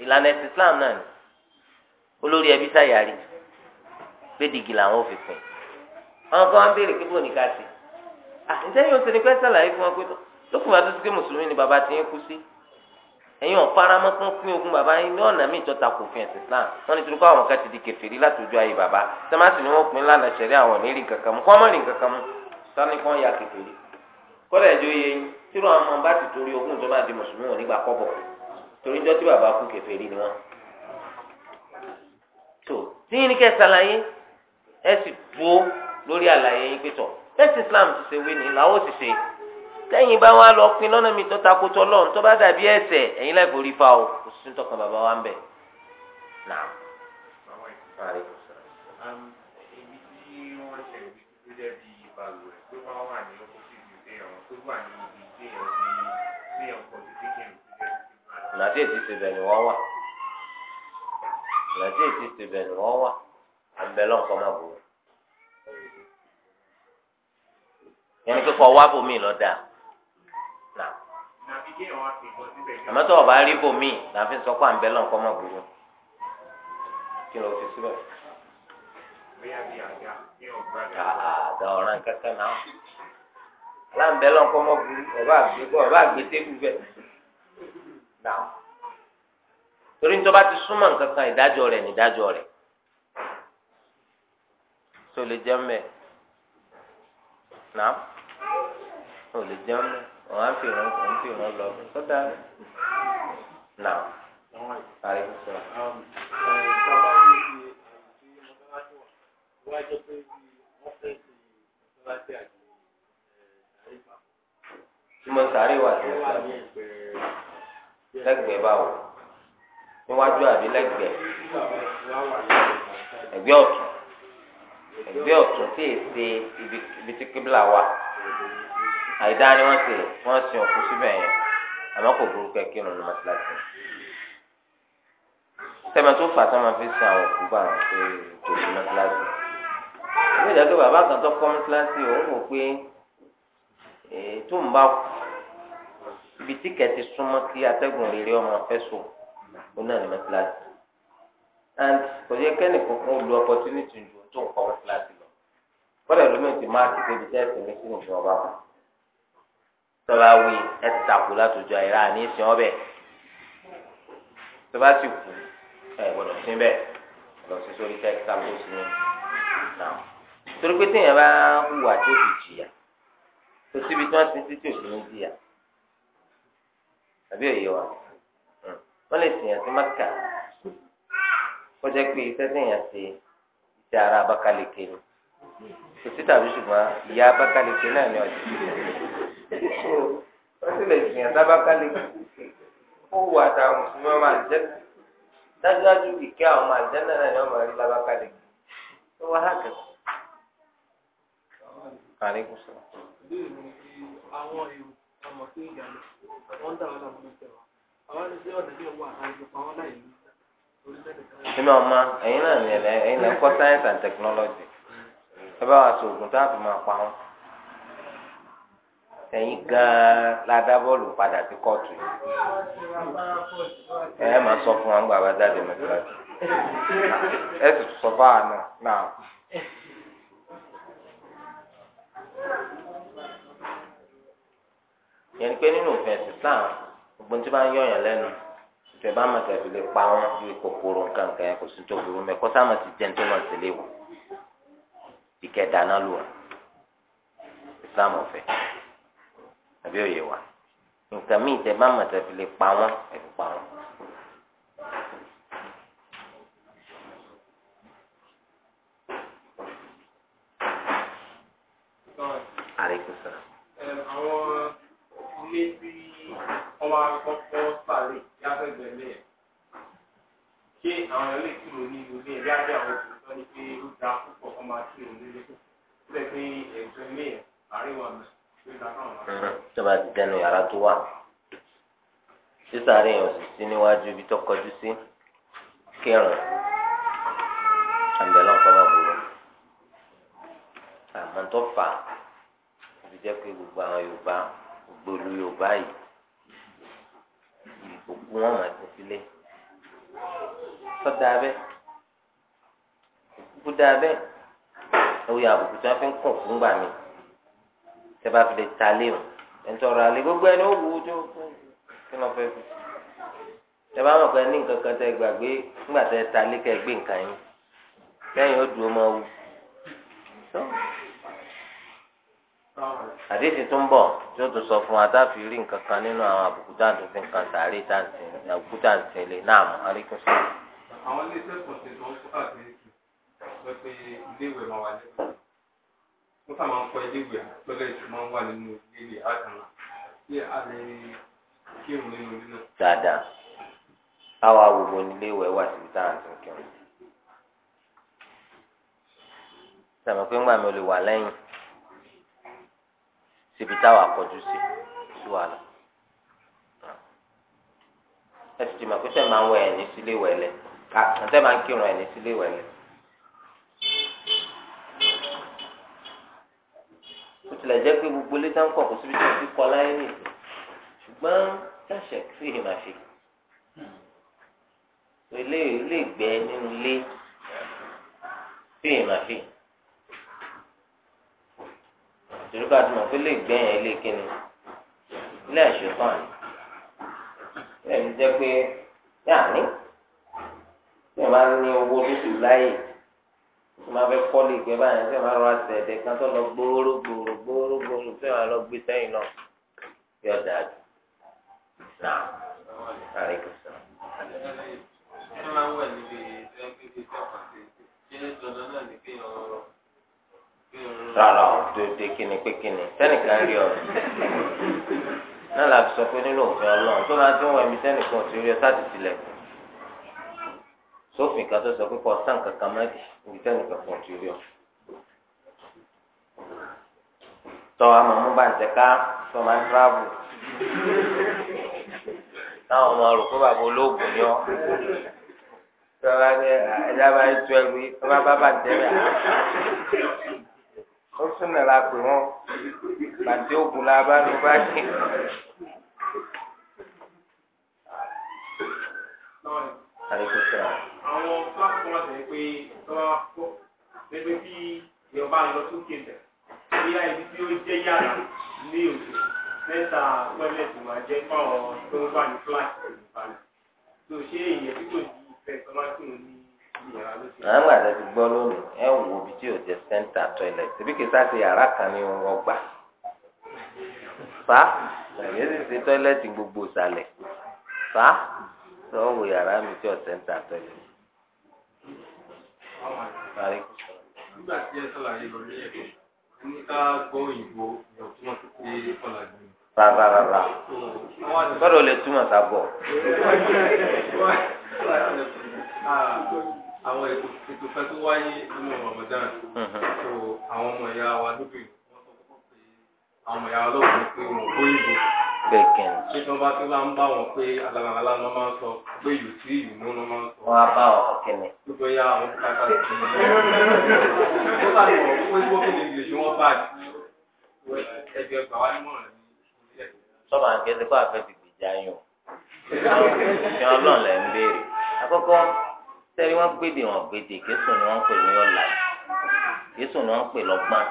ìlànà ẹ̀sìn Islam náà ni olórí ẹbí sáyàrí gbẹdìgì làwọn fi pin àwọn kan wọn béèrè pé bò ní ká sí àtẹ̀yìn oṣù ni pẹ́ sàlàyé fún wọn pé lókùn bá tó ti gbé mùsùlùmí ni bàbá ti ń kú sí ẹ̀yin ọ̀faramọ́ kan pín ogún bàbá yín ní ọ̀nà míì tọ́ta kò fi ẹ̀sìn Islam wọn ni torí kó àwọn kan ti di kèfèrí látòjú ayé bàbá sẹ́másì ni wọ́n pín lánàá ṣẹ̀rí àwọn onírìn kankan mu kó wọ́n má rìn kankan mu sani kan ya kèfèrí kọ́lá ẹ̀jọ́ yẹ yín tí wọ́n bá ti torí ogún tó di mùsùlùmí wọn nígbà kọ́bọ̀ torí jọ́ tí bàbá kú kèfèrí ni wọ́n tí yín ní kẹ́ ṣàlàyé ẹ sì dúró lórí àlàyé yín pé tọ̀ bẹ́ẹ̀sì Islam ti ṣe wé ni làwọn ò sì ṣe tẹ́yìn bá wà lọ pin lọ́nà mi tó takotọ́ lọ́run tó bá dàbí ẹ̀sẹ̀ ẹ̀yin láì forí fa o kò sí tọkàn bàbá wa ń bẹ̀ náà. Nàdí èsì ṣe bẹ̀ ìrántí ètí ti bẹ̀ ni wọ́n wà àbẹ̀lọ́ nǹkan máa bò ó. yẹn kíkọ́ wá bòmí lọ́dà náà àmọ́ tó o bá rí bòmí là ń fi sọ pé àbẹ̀lọ́ nǹkan máa bò ó. kí ló fi síbẹ̀? àdá ọ̀ràn kankan náà láǹbẹ̀lọ́ nǹkan máa bò ọba àgbẹ̀ tébù bẹ̀ náà torí ní tó bá ti súnmọ́ nǹkan kan ìdájọ́ rẹ̀ nídájọ́ rẹ̀ tó lè jẹ́ mbẹ́ náà ó lè jẹ́ mbẹ́ wọ́n á fi ràn wọ́n fi ràn lọ sọ́dà náà àrí sọ. Tí mo sáré wà níwájú àbí lẹ́gbẹ̀ẹ́ ẹ̀gbẹ́ ọ̀tún ẹ̀gbẹ́ ọ̀tún tí èsè ibi tí kíbla wà àìdá ni wọ́n ti wọ́n sin òkú síbẹ̀ yẹn àmọ́ kò burú kẹ́kẹ́ nínú mọ́tíláṣí sẹ́mi tó fà sọ́mọ fi sin àwọn òkú bá wọn pé kò sí mọ́tíláṣí ìwé ìdájọ́ bàbá kan tó kọ́ mọ́tíláṣí òun wò pé tó ń bá ibi tí kẹ́ ti súnmọ́ kí atẹ́gùn rere ọmọ fẹ́ sùn ó náà ní mẹsàlásì and kò yẹ kẹ́ni kankan lu opportunity ju tó ń kọ́ mẹsàlásì lọ kọ́dà lómi ti máa ti débi tẹ́ ẹ̀sìn mi sí nìkan ọba kan tọ́ba wí ẹ ti takò látòjọ àìrá ní ìsìn ọbẹ̀ tọ́ba ti kú ẹ gbọ́dọ̀ sí bẹ́ẹ̀ lọ sí sórí tẹ́kítà tó sí mi náà torí pé téèyàn bá hùwà tó fi jìyà kò síbi tí wọ́n ti ń títí òfin jìyà àbí òye wa wọ́n lè sèyàn sí maka kọjá pé iṣẹ́ sèyàn sí iṣẹ́ ara abakalẹ̀kẹ́ ni kò sí tàbí ṣùgbọ́n ìyá abakalẹ̀kẹ́ náà ni ọ̀dẹ̀ wọ́n sì lè sèyàn sí abakalẹ̀kẹ́ ó wà táwọn mùsùlùmí ọmọ àjẹ́ dájúdájú ìkẹ́ àwọn ọmọ àjẹ́ náà ni wọ́n máa rí lábákalẹ̀kẹ́ ó wá hàkẹ́. Àlékún sọ̀rọ̀. Bí àwọn èrò ọmọ sí ìjà ni, wọ́n dà wọ́n náà mú ìjọba. nínú ọmọ ẹ̀yin náà ní ẹlẹ ẹ̀yin náà kọ́ science and technology ẹ bá wa sòògùn tá a fi máa pa wọn gan-an la dá bọ́ọ̀lù padà sí kóòtù yìí ẹ máa sọ fún wa ń gbà bá jáde mẹsàlásì ẹ sì sọ fún náà. yẹn ni pé nínú òfin ẹ̀sìn gbogbo tí bá ń yọyàn lẹ́nu ìfẹ́ bá mọ̀ tẹ̀sí lè pa wọn bí kòkòrò nǹkan kan kò sí tó burú mẹ́ kọ́sá mọ̀ ti jẹun tó mọ̀ sí léwu ìkẹ́ dáná lù wọn Islam ọ̀fẹ́ àbí òye wa nǹkan míì tẹ bá mọ̀ tẹ̀sí lè pa wọn ẹ̀fọ́ pa wọn. Àwọn ilé tí wá kọ́kọ́ sàlẹ̀ yáfẹ́gbẹ́ lẹ́yìn ṣé àwọn ilé tí mo ní ilé ẹ̀rí ajé àwọn òṣèlú sọ ni pé ó da púpọ̀ kọ́ máa kí òun nílé ó lè pé ẹ̀jọ́ ilé àríwá mi ló da káwọn máa. ti dẹnu yàrá tó wà sísàárẹ̀ yẹn sí níwájú ibi tó kọjú sí kírun àǹbẹ̀lọ́ nǹkan bá burú àmọ́ tó fà á ibi jẹ́ pé gbogbo àwọn Yorùbá gbòòlù Yorùbá yìí gbogbo wọn máa ti sílé sọdá abẹ gbogbo dá abẹ ẹwù yà àbùkù tí wọn fi ń kùn fún gbà mí tẹ bá fi lè ta léèrè ẹnitọrọ àlè gbogbo ẹni ó wù ú tó kí wọn fẹẹ fi tẹ bá wọn kọ ẹni nǹkan kan tẹ gbàgbé nígbà tẹ ta lé kẹ gbé nǹkan yín lẹ́yìn ó dùn máa wù àdéhìí tó ń bọ̀ tí ó tún sọ fún wa tá a fi rí nǹkan kan nínú àwọn àbùkù tá à ń tún fi nǹkan sàárè tá à ń tẹ̀lé àbùkù tá à ń tẹ̀lé náà mọ̀ àríkún sí. àwọn ilé iṣẹ́ kan ti tán fún àdéhìí pé pé ilé ìwé máa wà lẹ́kọ̀ọ́ wọ́n máa ń kọ́ ilé àtọ́lẹ̀ tó máa ń wà nínú ilé ìwé tí a lè kírun nínú ilé náà. dáadáa káwa gbogbo nílé wà síbi tá kírun. sàmì pé ńgbà mi ò wà lẹ́yìn síbi táwa kọjú sí sí wàhálà ẹ sì ti mọ̀ pé sẹ́ẹ̀ máa ń wẹ ẹ̀yìn sílé wẹ̀lẹ̀ àtẹ̀ máa ń kírun ẹ̀yìn sílé wẹ̀lẹ̀. ó tilẹ̀ jẹ́ pé gbogbo létà ń kọ̀ kó síbi tí wọ́n ti kọ́ láyé nìyí ṣùgbọ́n tẹ̀sẹ̀ sí ìhìnàfẹ́ ilé ilé ìgbẹ́ nínú ilé sí ìhìnàfẹ́ torí bá a ti mọ̀ pé lè gbẹ̀yìn ilé kíni ilé ẹ̀ṣọ́ fún àná bẹ́ẹ̀ ni jẹ́ pé yáà ní tí wọ́n bá ní owó lóṣù láyè tí wọ́n fẹ́ kọ́ lè gbẹ́ báyìí tí wọ́n bá rọra tẹ̀ ẹ̀dẹ̀ kan tó lọ gbóòrò gbòòrò gbóòrò gbòòrò tí wọ́n lọ gbé sẹ́yìn náà bí ọ̀dà àjù náà àrẹ kò sọ. ṣé máa ń wẹ̀ níbi ìṣẹ́ pípé tí ọkàn ti ṣe é dandan náà ní kéèyàn rọrùn rárá o dòde kíni pé kíni sẹ́nìkan rí ọ náà làbí sọ pé nínú òfin ọlọ́run tó máa ti ń wọ ẹ̀mí sẹ́nìkan ò ti rí ọ sáà ti tilẹ̀ sófin kan tó sọ pé kọ sáà kankan má di ibi sẹ́nìkan kan ò ti rí ọ. tọ́ àmọ́ mú bàǹtẹ̀ ká tọ́ máa ń tíráàbù táwọn ọmọ rò pé bàbá olóògùn ni ọ tọ́ bá ní ẹja bá ń tu ẹrú yìí tọ́ bá bá bàǹtẹ̀ rẹ̀ á ó súnà la pè wọn bàtí ogun la bá ló bá kí. àwọn kíláàsì kan láti rí pé tọ́lá kó lẹ́gbẹ́ bí ìjọba lọ sókè bẹ̀ bí i ibi tí ó jẹ́ yàrá ní òkè mẹ́ta pẹ́lẹ́tì máa jẹ́ fáwọn tó ń wà ní kíláàsì ìbàlẹ̀ tó ṣe èèyàn tí kò ní ìfẹ́ tọ́lá kùnú ní àwọn àgbà tẹ ti gbọ́ lónìí ẹ wò ibi tí yóò jẹ sẹ́ńtà toilet ibi kìí sáà ti yàrá kan ní wọn gbà fa ẹ̀yẹ́ sì ṣe toilet gbogbo sàlẹ̀ fa sọ wò yàrá mi tí yóò sẹ́ńtà toilet. nígbà tí ẹ sọ̀rọ̀ ayé lọ ní ẹ̀kọ́ ní ká gbọ́ òyìnbó ìyọ̀túnmọ̀ tó ṣe é kọ́lá jù rárá gbọ́dọ̀ lè túmọ̀ sábọ̀ àwọn ètò kan tó wáyé nínú Ramadan mhm. so àwọn ọmọ ìyá wa lóbìn wọn sọ fún pé àwọn ọmọ ìyá wa lọ́kùnrin pé wọn kó ìbò bẹ́ẹ̀kẹ́n. ṣé tí wọ́n bá ti wá ń bá wọn pé alágbàlá ló máa ń sọ pé yòó sí ìlú ní wọ́n máa ń sọ. wọ́n á bá ọkọ kẹlẹ̀. tó bẹ yá àwọn kàkà sí i. ó bá lọ wọ́n tí wọ́n fi lè lè ṣe wọ́n bá ẹgbẹ́ gbà wá nímọ̀ràn ní ìpínlẹ̀. sọ́ba ń kẹ́sí kó àfẹ́ fi gbèjà yín o. ń béèrè. àkọ́kọ́ sẹ́ni wọ́n pè dé wọn pè dé késùn ni wọ́n pè ní ọ̀la késùn ni wọ́n pè lọ́gbọ́n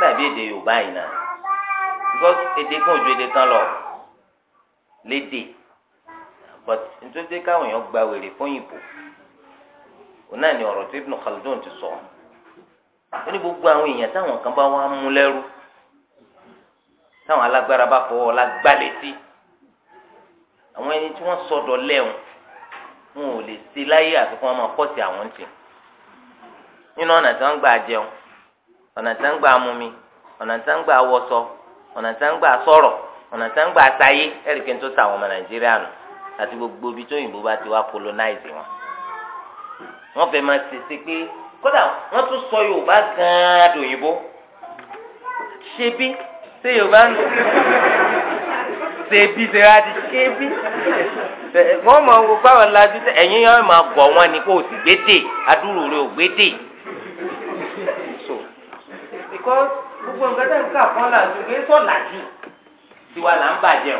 dàbí èdè Yorùbá yìí náà because èdè kan ò ju èdè kan lọ lédè but nítorí káwọn èèyàn gba wèrè fún yìnbó òun náà ni ọ̀rọ̀ tó Ibn Khaldun ti sọ ó ní gbogbo àwọn èèyàn táwọn kan bá wà mú lẹ́rú táwọn alágbára bá fọwọ́ ọ̀la gbá létí àwọn ẹni tí wọ́n sọ̀dọ̀ lẹ́hùn wọn ò lè ṣe láyé àfi kí wọ́n máa kọ́ sí àwọn ń tì nínú ọ̀nà tí wọ́n gbà jẹun ọ̀nà tí wọ́n gbà mumi ọ̀nà tí wọ́n gbà wọṣọ ọ̀nà tí wọ́n gbà sọ̀rọ̀ ọ̀nà tí wọ́n gbà sáyé ẹ̀ríkẹ́ tó ta àwọn ọmọ nàìjíríà nù àti gbogbo ibi tó yìnbó bá ti wá colonize wọn wọ́n fẹ́ máa ṣèṣe pé kódà wọ́n tún sọ yorùbá gan-an dòyìnbó ṣebí ṣé yorùbá ń lò ṣebí ṣe wá di ṣebí wọ́n máa wo báwọn lajú sẹ́ ẹ̀yin yẹn máa bọ̀ wọ́n ni rẹ ò so because gbogbo nǹkan tẹ̀ ń kà fún làjú kí sọ̀ làjú tiwa là ń bàjẹ́ o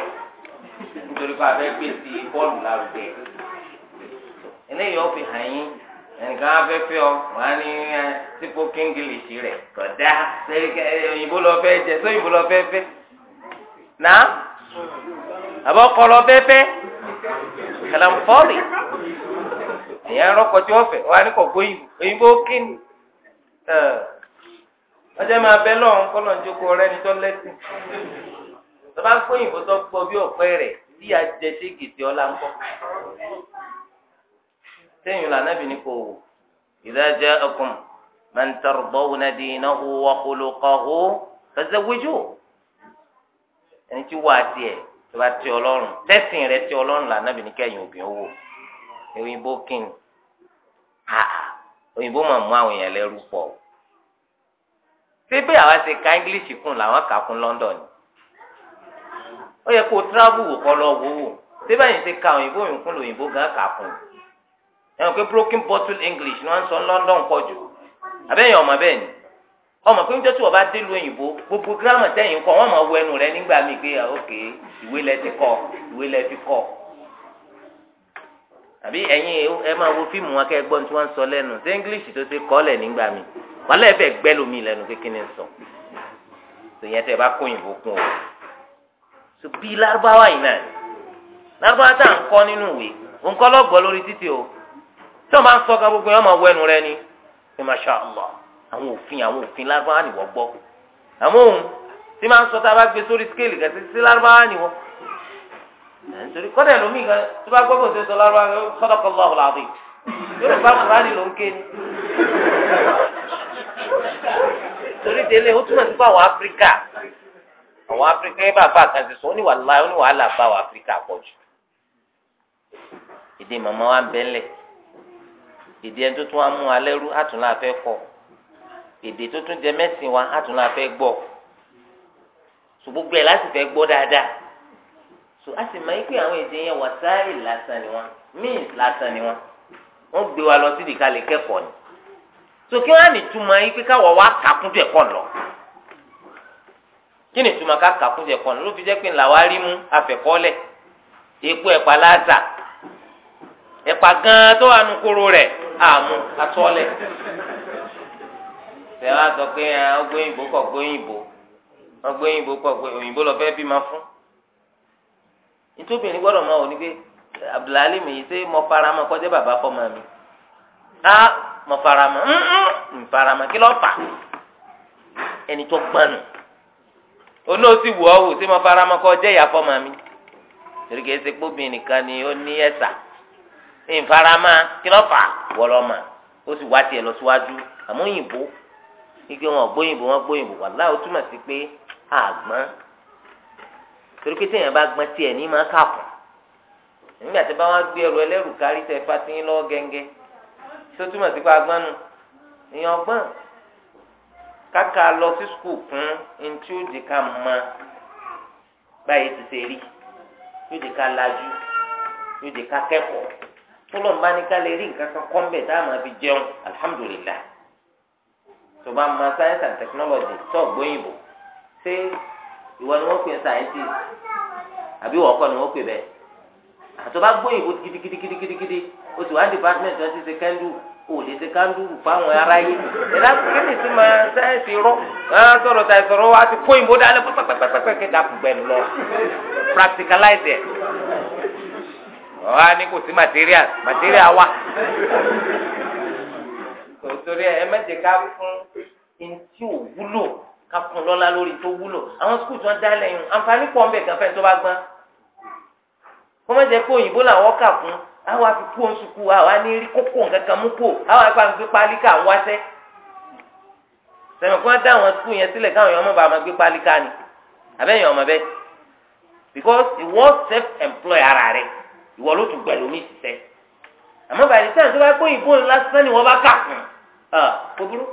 nítorí pé a fẹ́ gbé sí bọ́ọ̀lù lárugẹ. eléyìí ó hàn yín nǹkan afẹ́fẹ́ ọ á ní sípò kíngìlìṣì rẹ̀ òyìnbó lọ fẹ́ jẹ sóyìnbó lọ fẹ́ fẹ́ àbọ̀kọ lọ kalam fọ́ọ̀lì èèyàn rọ́kọ̀ tí wọ́n fẹ̀ wọ́n á ní kọ̀ gbóyìnbó òyìnbó kíni ọjọ́ máa bẹ lọ́run kọ́nà jókòó rẹ ní tọ́lẹ́tì tó bá gbóyìnbó tó gbọ́ bí ọ̀pẹ rẹ̀ bí ajẹsẹ gèdè ọ̀la ń bọ̀ sẹ́yìn lànà bí ní kò wò idha ja'akum man tardawna dinahu wa khuluqahu fazawwijuhu ẹni tí wọ́n tó bá ti ọlọ́run tẹ́sìn rẹ ti ọlọ́run là nàbì ní kẹ́yìn obìnrin wò òyìnbó kín àà òyìnbó máa mú àwọn èèyàn lẹ́rú pọ̀ o àwa ṣe ka english kún làwọn kà kún london ni ó yẹ kó travel wò kọ́ lọ wò wò ṣé báyìí ṣe ka òyìnbó yìí kún lòyìnbó gan kà kún ẹ̀wọ̀n pé broken bottle english ni wọ́n ń sọ london pọ̀ jù àbẹ́yẹn ọmọ bẹ́ẹ̀ ni. ọmọ pé níjọ́ tí wọ́n bá dé lu òyìnbó gbogbo gírámà tẹ̀yìn kọ́ wọ́n máa wọ ẹnu rẹ nígbà míì pé ah, ok ìwé lẹ ti kọ́ ìwé lẹ kọ́ àbí ẹ̀yin ẹ máa wo fíìmù wọn gbọ́n tí wọ́n ń sọ lẹ́nu ṣé english tó ṣe kọ́ lẹ̀ nígbà míì wọ́n fẹ́ gbẹ́ lómi lẹ́nu kékeré sọ tẹ́ ẹ bá kó òyìnbó kún o so bí lárúbáwá yìí náà lárúbáwá tá à ń kọ́ nínú ìwé òǹkọ́ lórí títì o tí wọ́n bá ń sọ gbogbo wọ́n máa wọ rẹ ni ṣe àwọn òfin àwọn òfin lárúbáwá nìwọ gbọ́ àmọ́ òun tí máa ń sọ tá a bá gbé sórí skéèlì kẹsì sí lárúbáwá nìwọ nítorí kọ́dà ẹlòmíì kan tó bá gbọ́ bó ṣe sọ lárúbáwá sadaqallahu alazim yóò bá kúránì ló ń ké ni torí délé ó túmọ̀ sí pé àwọn áfíríkà àwọn áfíríkà ẹ bá bá kan ti sọ ó ní wàhálà ó ní wàhálà bá àwọn áfíríkà pọ̀ jù èdè màmá wa ń bẹ́ńlẹ̀ èdè ẹni tó tún wá mú alẹ́ àtúnlá èdè tó tún jẹ mẹ́sìn wa á tún la fẹ́ gbọ́ so gbogbo ẹ̀ láti fẹ́ gbọ́ dáadáa so a sì máa ń pè àwọn èdè yẹn wàsáì lásán ni wọn means lásán ni wọn wọn gbé wa lọ síbi ká lè kẹ́kọ̀ọ́ ni so kí wọn á ní túmọ̀ yín pé káwọ̀ wá kàkúndé ẹ̀kọ́ lọ kí ni túmọ̀ ká kàkúndé ẹ̀kọ́ lọ ló fi jẹ́ pé ńlá wa rí mú afẹ́kọ́lẹ̀ epo ẹ̀pà láàzà ẹ̀pà gan-an tó wà nù kóró rẹ̀ àmú atọ́lẹ̀ tẹ wá sọ pé ọgbóyìnbó kọ gbóyìnbó ọgbóyìnbó kọ òyìnbó lọ fẹ́ bímọ fún nítòbìnrin gbọ́dọ̀ máa wò ní pé abdulhalim yìí ṣé mo fara mọ́ kọjá bàbá fọmọ mi á mo fara mọ́ ń fara kí ló fà ẹni tó gbanu onóòsì wù ọ́ wò ṣé mo fara kọjá ìyá fọmọ mi torí kìí ṣe nìkan ni ó ní ẹ̀sà ń fara kí ló fà wọ́lọ́mà ó sì wá tiẹ̀ lọ síwájú àmọ́ òyìnbó igi wọn gbóyìnbó wọn gbóyìnbó wàláhì ó túmọ̀ sí pé àgbọn torí pé téèyàn bá gbọ́n tiẹ̀ ní máa kàpọ̀ nígbà tí bá wọn gbé ẹrù ẹlẹ́rù kárí tẹ fatíyín lọ́wọ́ gẹ́ngẹ́ tó túmọ̀ sí pé àgbọn nu èèyàn gbọ́n káka lọ sí skul kún ntí ó di ká mọ báyìí ti ṣe rí yóò di ká lajú yóò di ká kẹ́kọ̀ọ́ tó lọ́nba ní ká lè rí nǹkan kan kọ́ńbẹ̀ tá a máa fi jẹun alihamudulilayi tó bá ma science and technology tó gbóyìnbó ṣé ìwọ ni wọ́n pè ní scientist àbí wọ́n kọ́ ni wọ́n pè bẹ́ẹ̀ àtọ́ba gbóyìnbó gidigidigidigidi o ti wá department wọn ti ṣe kẹ́ndù o lè ṣe kẹ́ndù fáwọn ará yìí ìlà kíni ti ma science rọ ẹ sọ̀rọ̀ ta ìsọ̀rọ̀ wa ti kó ìbò dálẹ̀ pẹ́pẹ́pẹ́pẹ́ kí dàpọ̀ gbẹ̀nu lọ practicalize ẹ̀ wọ́n á ní kò sí material material wa torí ẹ mẹ́jẹ ká fún ntí ò wúlò ká fún lọ́lá lórí tó wúlò àwọn skul tí wọ́n dá lẹ́yìn àǹfààní pọ̀ ń bẹ̀ kàn fẹ́ tó bá gbọ́n kó má jẹ́ pé òyìnbó làwọn kà fún àwa fi kú oṣù kú àwa ní rí kókó nǹkan kan mú kó àwa ipa gbé pálí ká ń wáṣẹ́ sẹ̀mi kí wọ́n dá àwọn skul yẹn sílẹ̀ káwọn èèyàn má bàa máa gbé pálí ká ni àbẹ́yìn ọmọ bẹ́ẹ̀ because ìwọ self employ ara rẹ ìwọ ló tún gbẹ̀lómi ṣiṣẹ́ àmọ́ bàtí sáà tó bá kó ìbò lásán ni wọ́n bá kà fún un à kúburú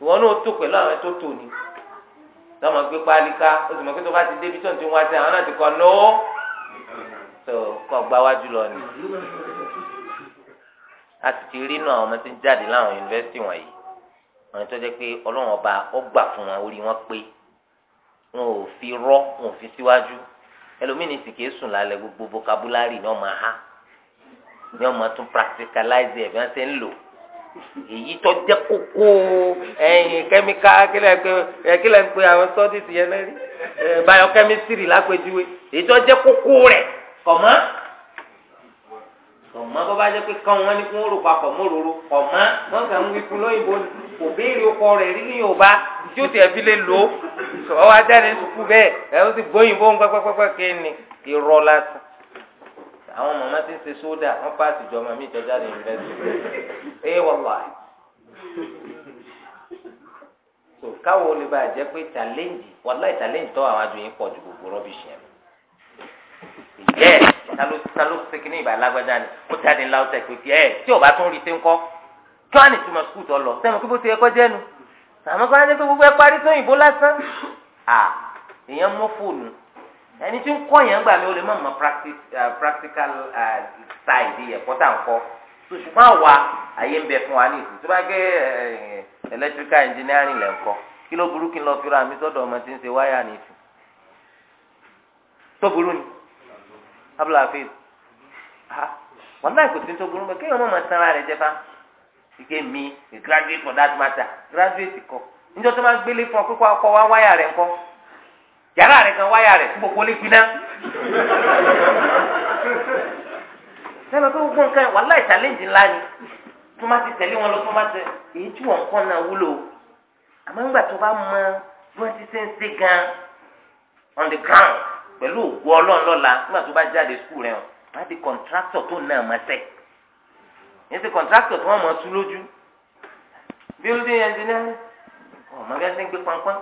ìwọ náà tó pẹ̀lú àwọn tó tò ní lọ́mọ gbé páálí ká o sì mọ̀ pé tó bá ti débi tó ń ti wá sí àwọn náà ti kọ́ nọ́ tó kọ́ gbá wájú lọ ni a sì ti rí inú àwọn ọmọ tí ń jáde láwọn yunifásitì wọ̀nyí àwọn tó jẹ́ pé ọlọ́run ọba ó gbà fún wọn orí wọn pé wọn ò fi rọ́ wọn ò fi síwájú ẹlòmíì ní sìkè sùn lálẹ́ gbogbo vocabulary ni wọ́n máa há ni wọ́n máa tún practicalize ẹ̀ bí wọ́n ṣe ń lò èyí tó jẹ́ kókó ẹ̀yìn kẹ́míkà kílẹ̀ ń pe àwọn sọ́dísì yẹn lẹ́rí báyọ̀kẹ́mísírì lápẹjúwe èyí tó jẹ́ kókó rẹ̀ kọ̀mọ́ kọ̀mọ́ bó bá jẹ́ pé kàn wọ́n ní kí wọ́n rò papọ̀ móróró kọ̀mọ́ wọ́n kàn ń wípé lóyìnbó kò béèrè ọkọ rẹ̀ rí ní Yorùbá tí ó tiẹ̀ fi lè lò ó ọwọ́ ajáde ń sùkú bẹ́ẹ̀ ẹ̀ ó sì gbóyìnbó ń pẹ́pẹ́pẹ́ kí ni ìrọ̀ lásán àwọn màmá ti ń ṣe sódà wọn paasi jọ màmí ìjọba ní yunifásitì ẹ wàlá so káwọn olè bá jẹ pé challenge wàlá challenge tọ́ àwọn adùn yín pọ̀ ju gbogbo rubbish yẹn yẹ talo talo sekini ìbá lágbájá ni ó jáde ńlá ó tẹ̀pẹ́ kí ẹ tí o bá tún rí sẹ́ńkọ́ kí wọ́n á ní túmọ̀ skul tó lọ sẹ́mu kí bó ti yẹ kọ́ jẹ́nu àmọ́ kí wọ́n á ní pé gbogbo ẹ parí sóyìnbó lásán à ìyẹn mú fóònù. ẹni tí ń kọ́ yẹn gbà mí o lè má mọ practical side yẹ kọ́tà ń kọ́ ṣùgbọ́n àwa àyè ń fún wa ní ìsìn tó bá gé electrical engineering lẹ̀ ń kọ́ kí ló burú kí n lọ fi ra mi sọ́dọ̀ ọmọ tí ń ṣe wáyà ní ìsìn tó burú ni abúlé wọn náà kò sí tó burú sanra ike mi graduate for that matter graduate kọ́ níjọ́ tó gbélé fún ọ wá wáyà rẹ yàrá rẹ̀ kan wáyà rẹ̀ gbogbo lè gbiná. sẹ́nu tó gbọ́n kan wàhálà ìtàlẹ́ǹdì ńlá ni tó má ti tẹ̀lé wọn lọ tó má tẹ èyí tí wọ́n kọ́ náà wúlò àmọ́ ńgbà tó bá mọ bí wọ́n ti ṣe ń ṣe gan on the ground pẹ̀lú ògbó ọlọ́run lọ́la nígbà tó bá jáde skul rẹ̀ wọ́n á di kọ̀ǹtráktọ̀ tó náà mọ̀ sẹ́ yẹn ti kọ̀ǹtráktọ̀ tó wọ́n mọ̀ ọ́ tú lójú building engineering ọ̀ mọ̀ bí wọ́n ti ń gbé pọnpọ́n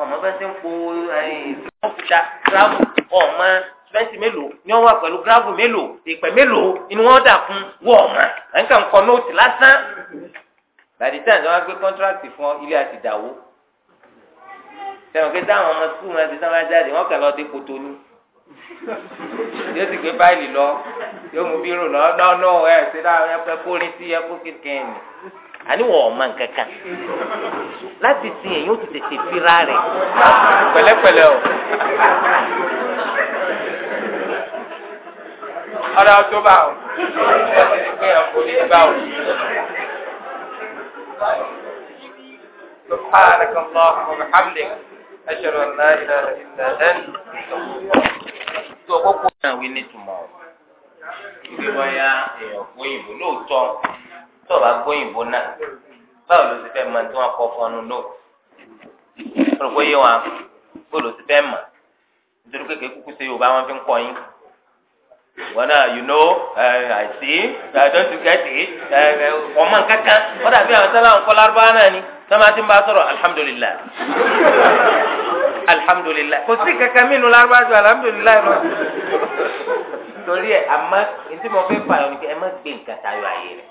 ọmọ bẹ́ẹ̀ ti ń po òkúta gíráàbù ọmọ fẹ́ǹsì mélòó ni wọ́n wà pẹ̀lú gíráàbù mélòó ìpẹ́ mélòó inú wọn dà fún wọ́ ọmọ à ń kà ń kọ nóòtì lásán. bàdìtà ni wọ́n gbé kọ́ńtrákì fún ilé àtìdáwó sẹ́wọ̀n pé táwọn ọmọ sukùl máa ti sábà jáde wọ́n kàn lọ dé Kotonu yóò sì gbé báyìí lọ yóò mú bírò lọ nọ́ọ̀nù ẹ̀ ṣe dáhùn ẹ àníwọ̀ ọ̀ma nkankan láti sin èyí ó ti tètè fira rẹ̀ pẹ̀lẹ́pẹ̀lẹ́ o. ọ̀rọ̀ ọdún bá o ẹgbẹ́ ọkùnrin bá o. سبحانك اللهم وبحمدك أشهد أن لا إله إلا أنت tó kókó náà wí nítumọ̀ ìwé wáyà èèyàn fún ìbò lóòótọ́ tí o bá gbóyìnbó náà báwo ló ti fẹ́ mọ tí wọ́n kọ́ fọ́nù nóòtù rò pé yé wọn bó ló ti fẹ́ mọ nítorí kékeré kúkú sí Yorùbá wọn fi ń kọ́ yín wọn náà you know eh, I see I eh, don't get it ọmọ eh, kankan wọ́n dàbí àwọn sábà ń kọ́ lárúbáwá náà ni sọ́mà tí ń bá sọ̀rọ̀ alihamudulilayi alihamudulilayi kò sí kankan mínú lárúbáwá ju alihamudulilayi lọ torí ẹ àmọ́ ntí mo fẹ́ fà yọ ni pé ẹ má gbé nǹkan tayọ àyè rẹ̀.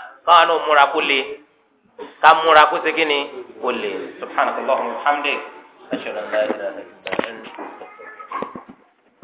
káwọn náà múra kó le ká múra kó segin ni kó le subhanahu wa ta'ala alhamdulilayi ashhadu an la ilaha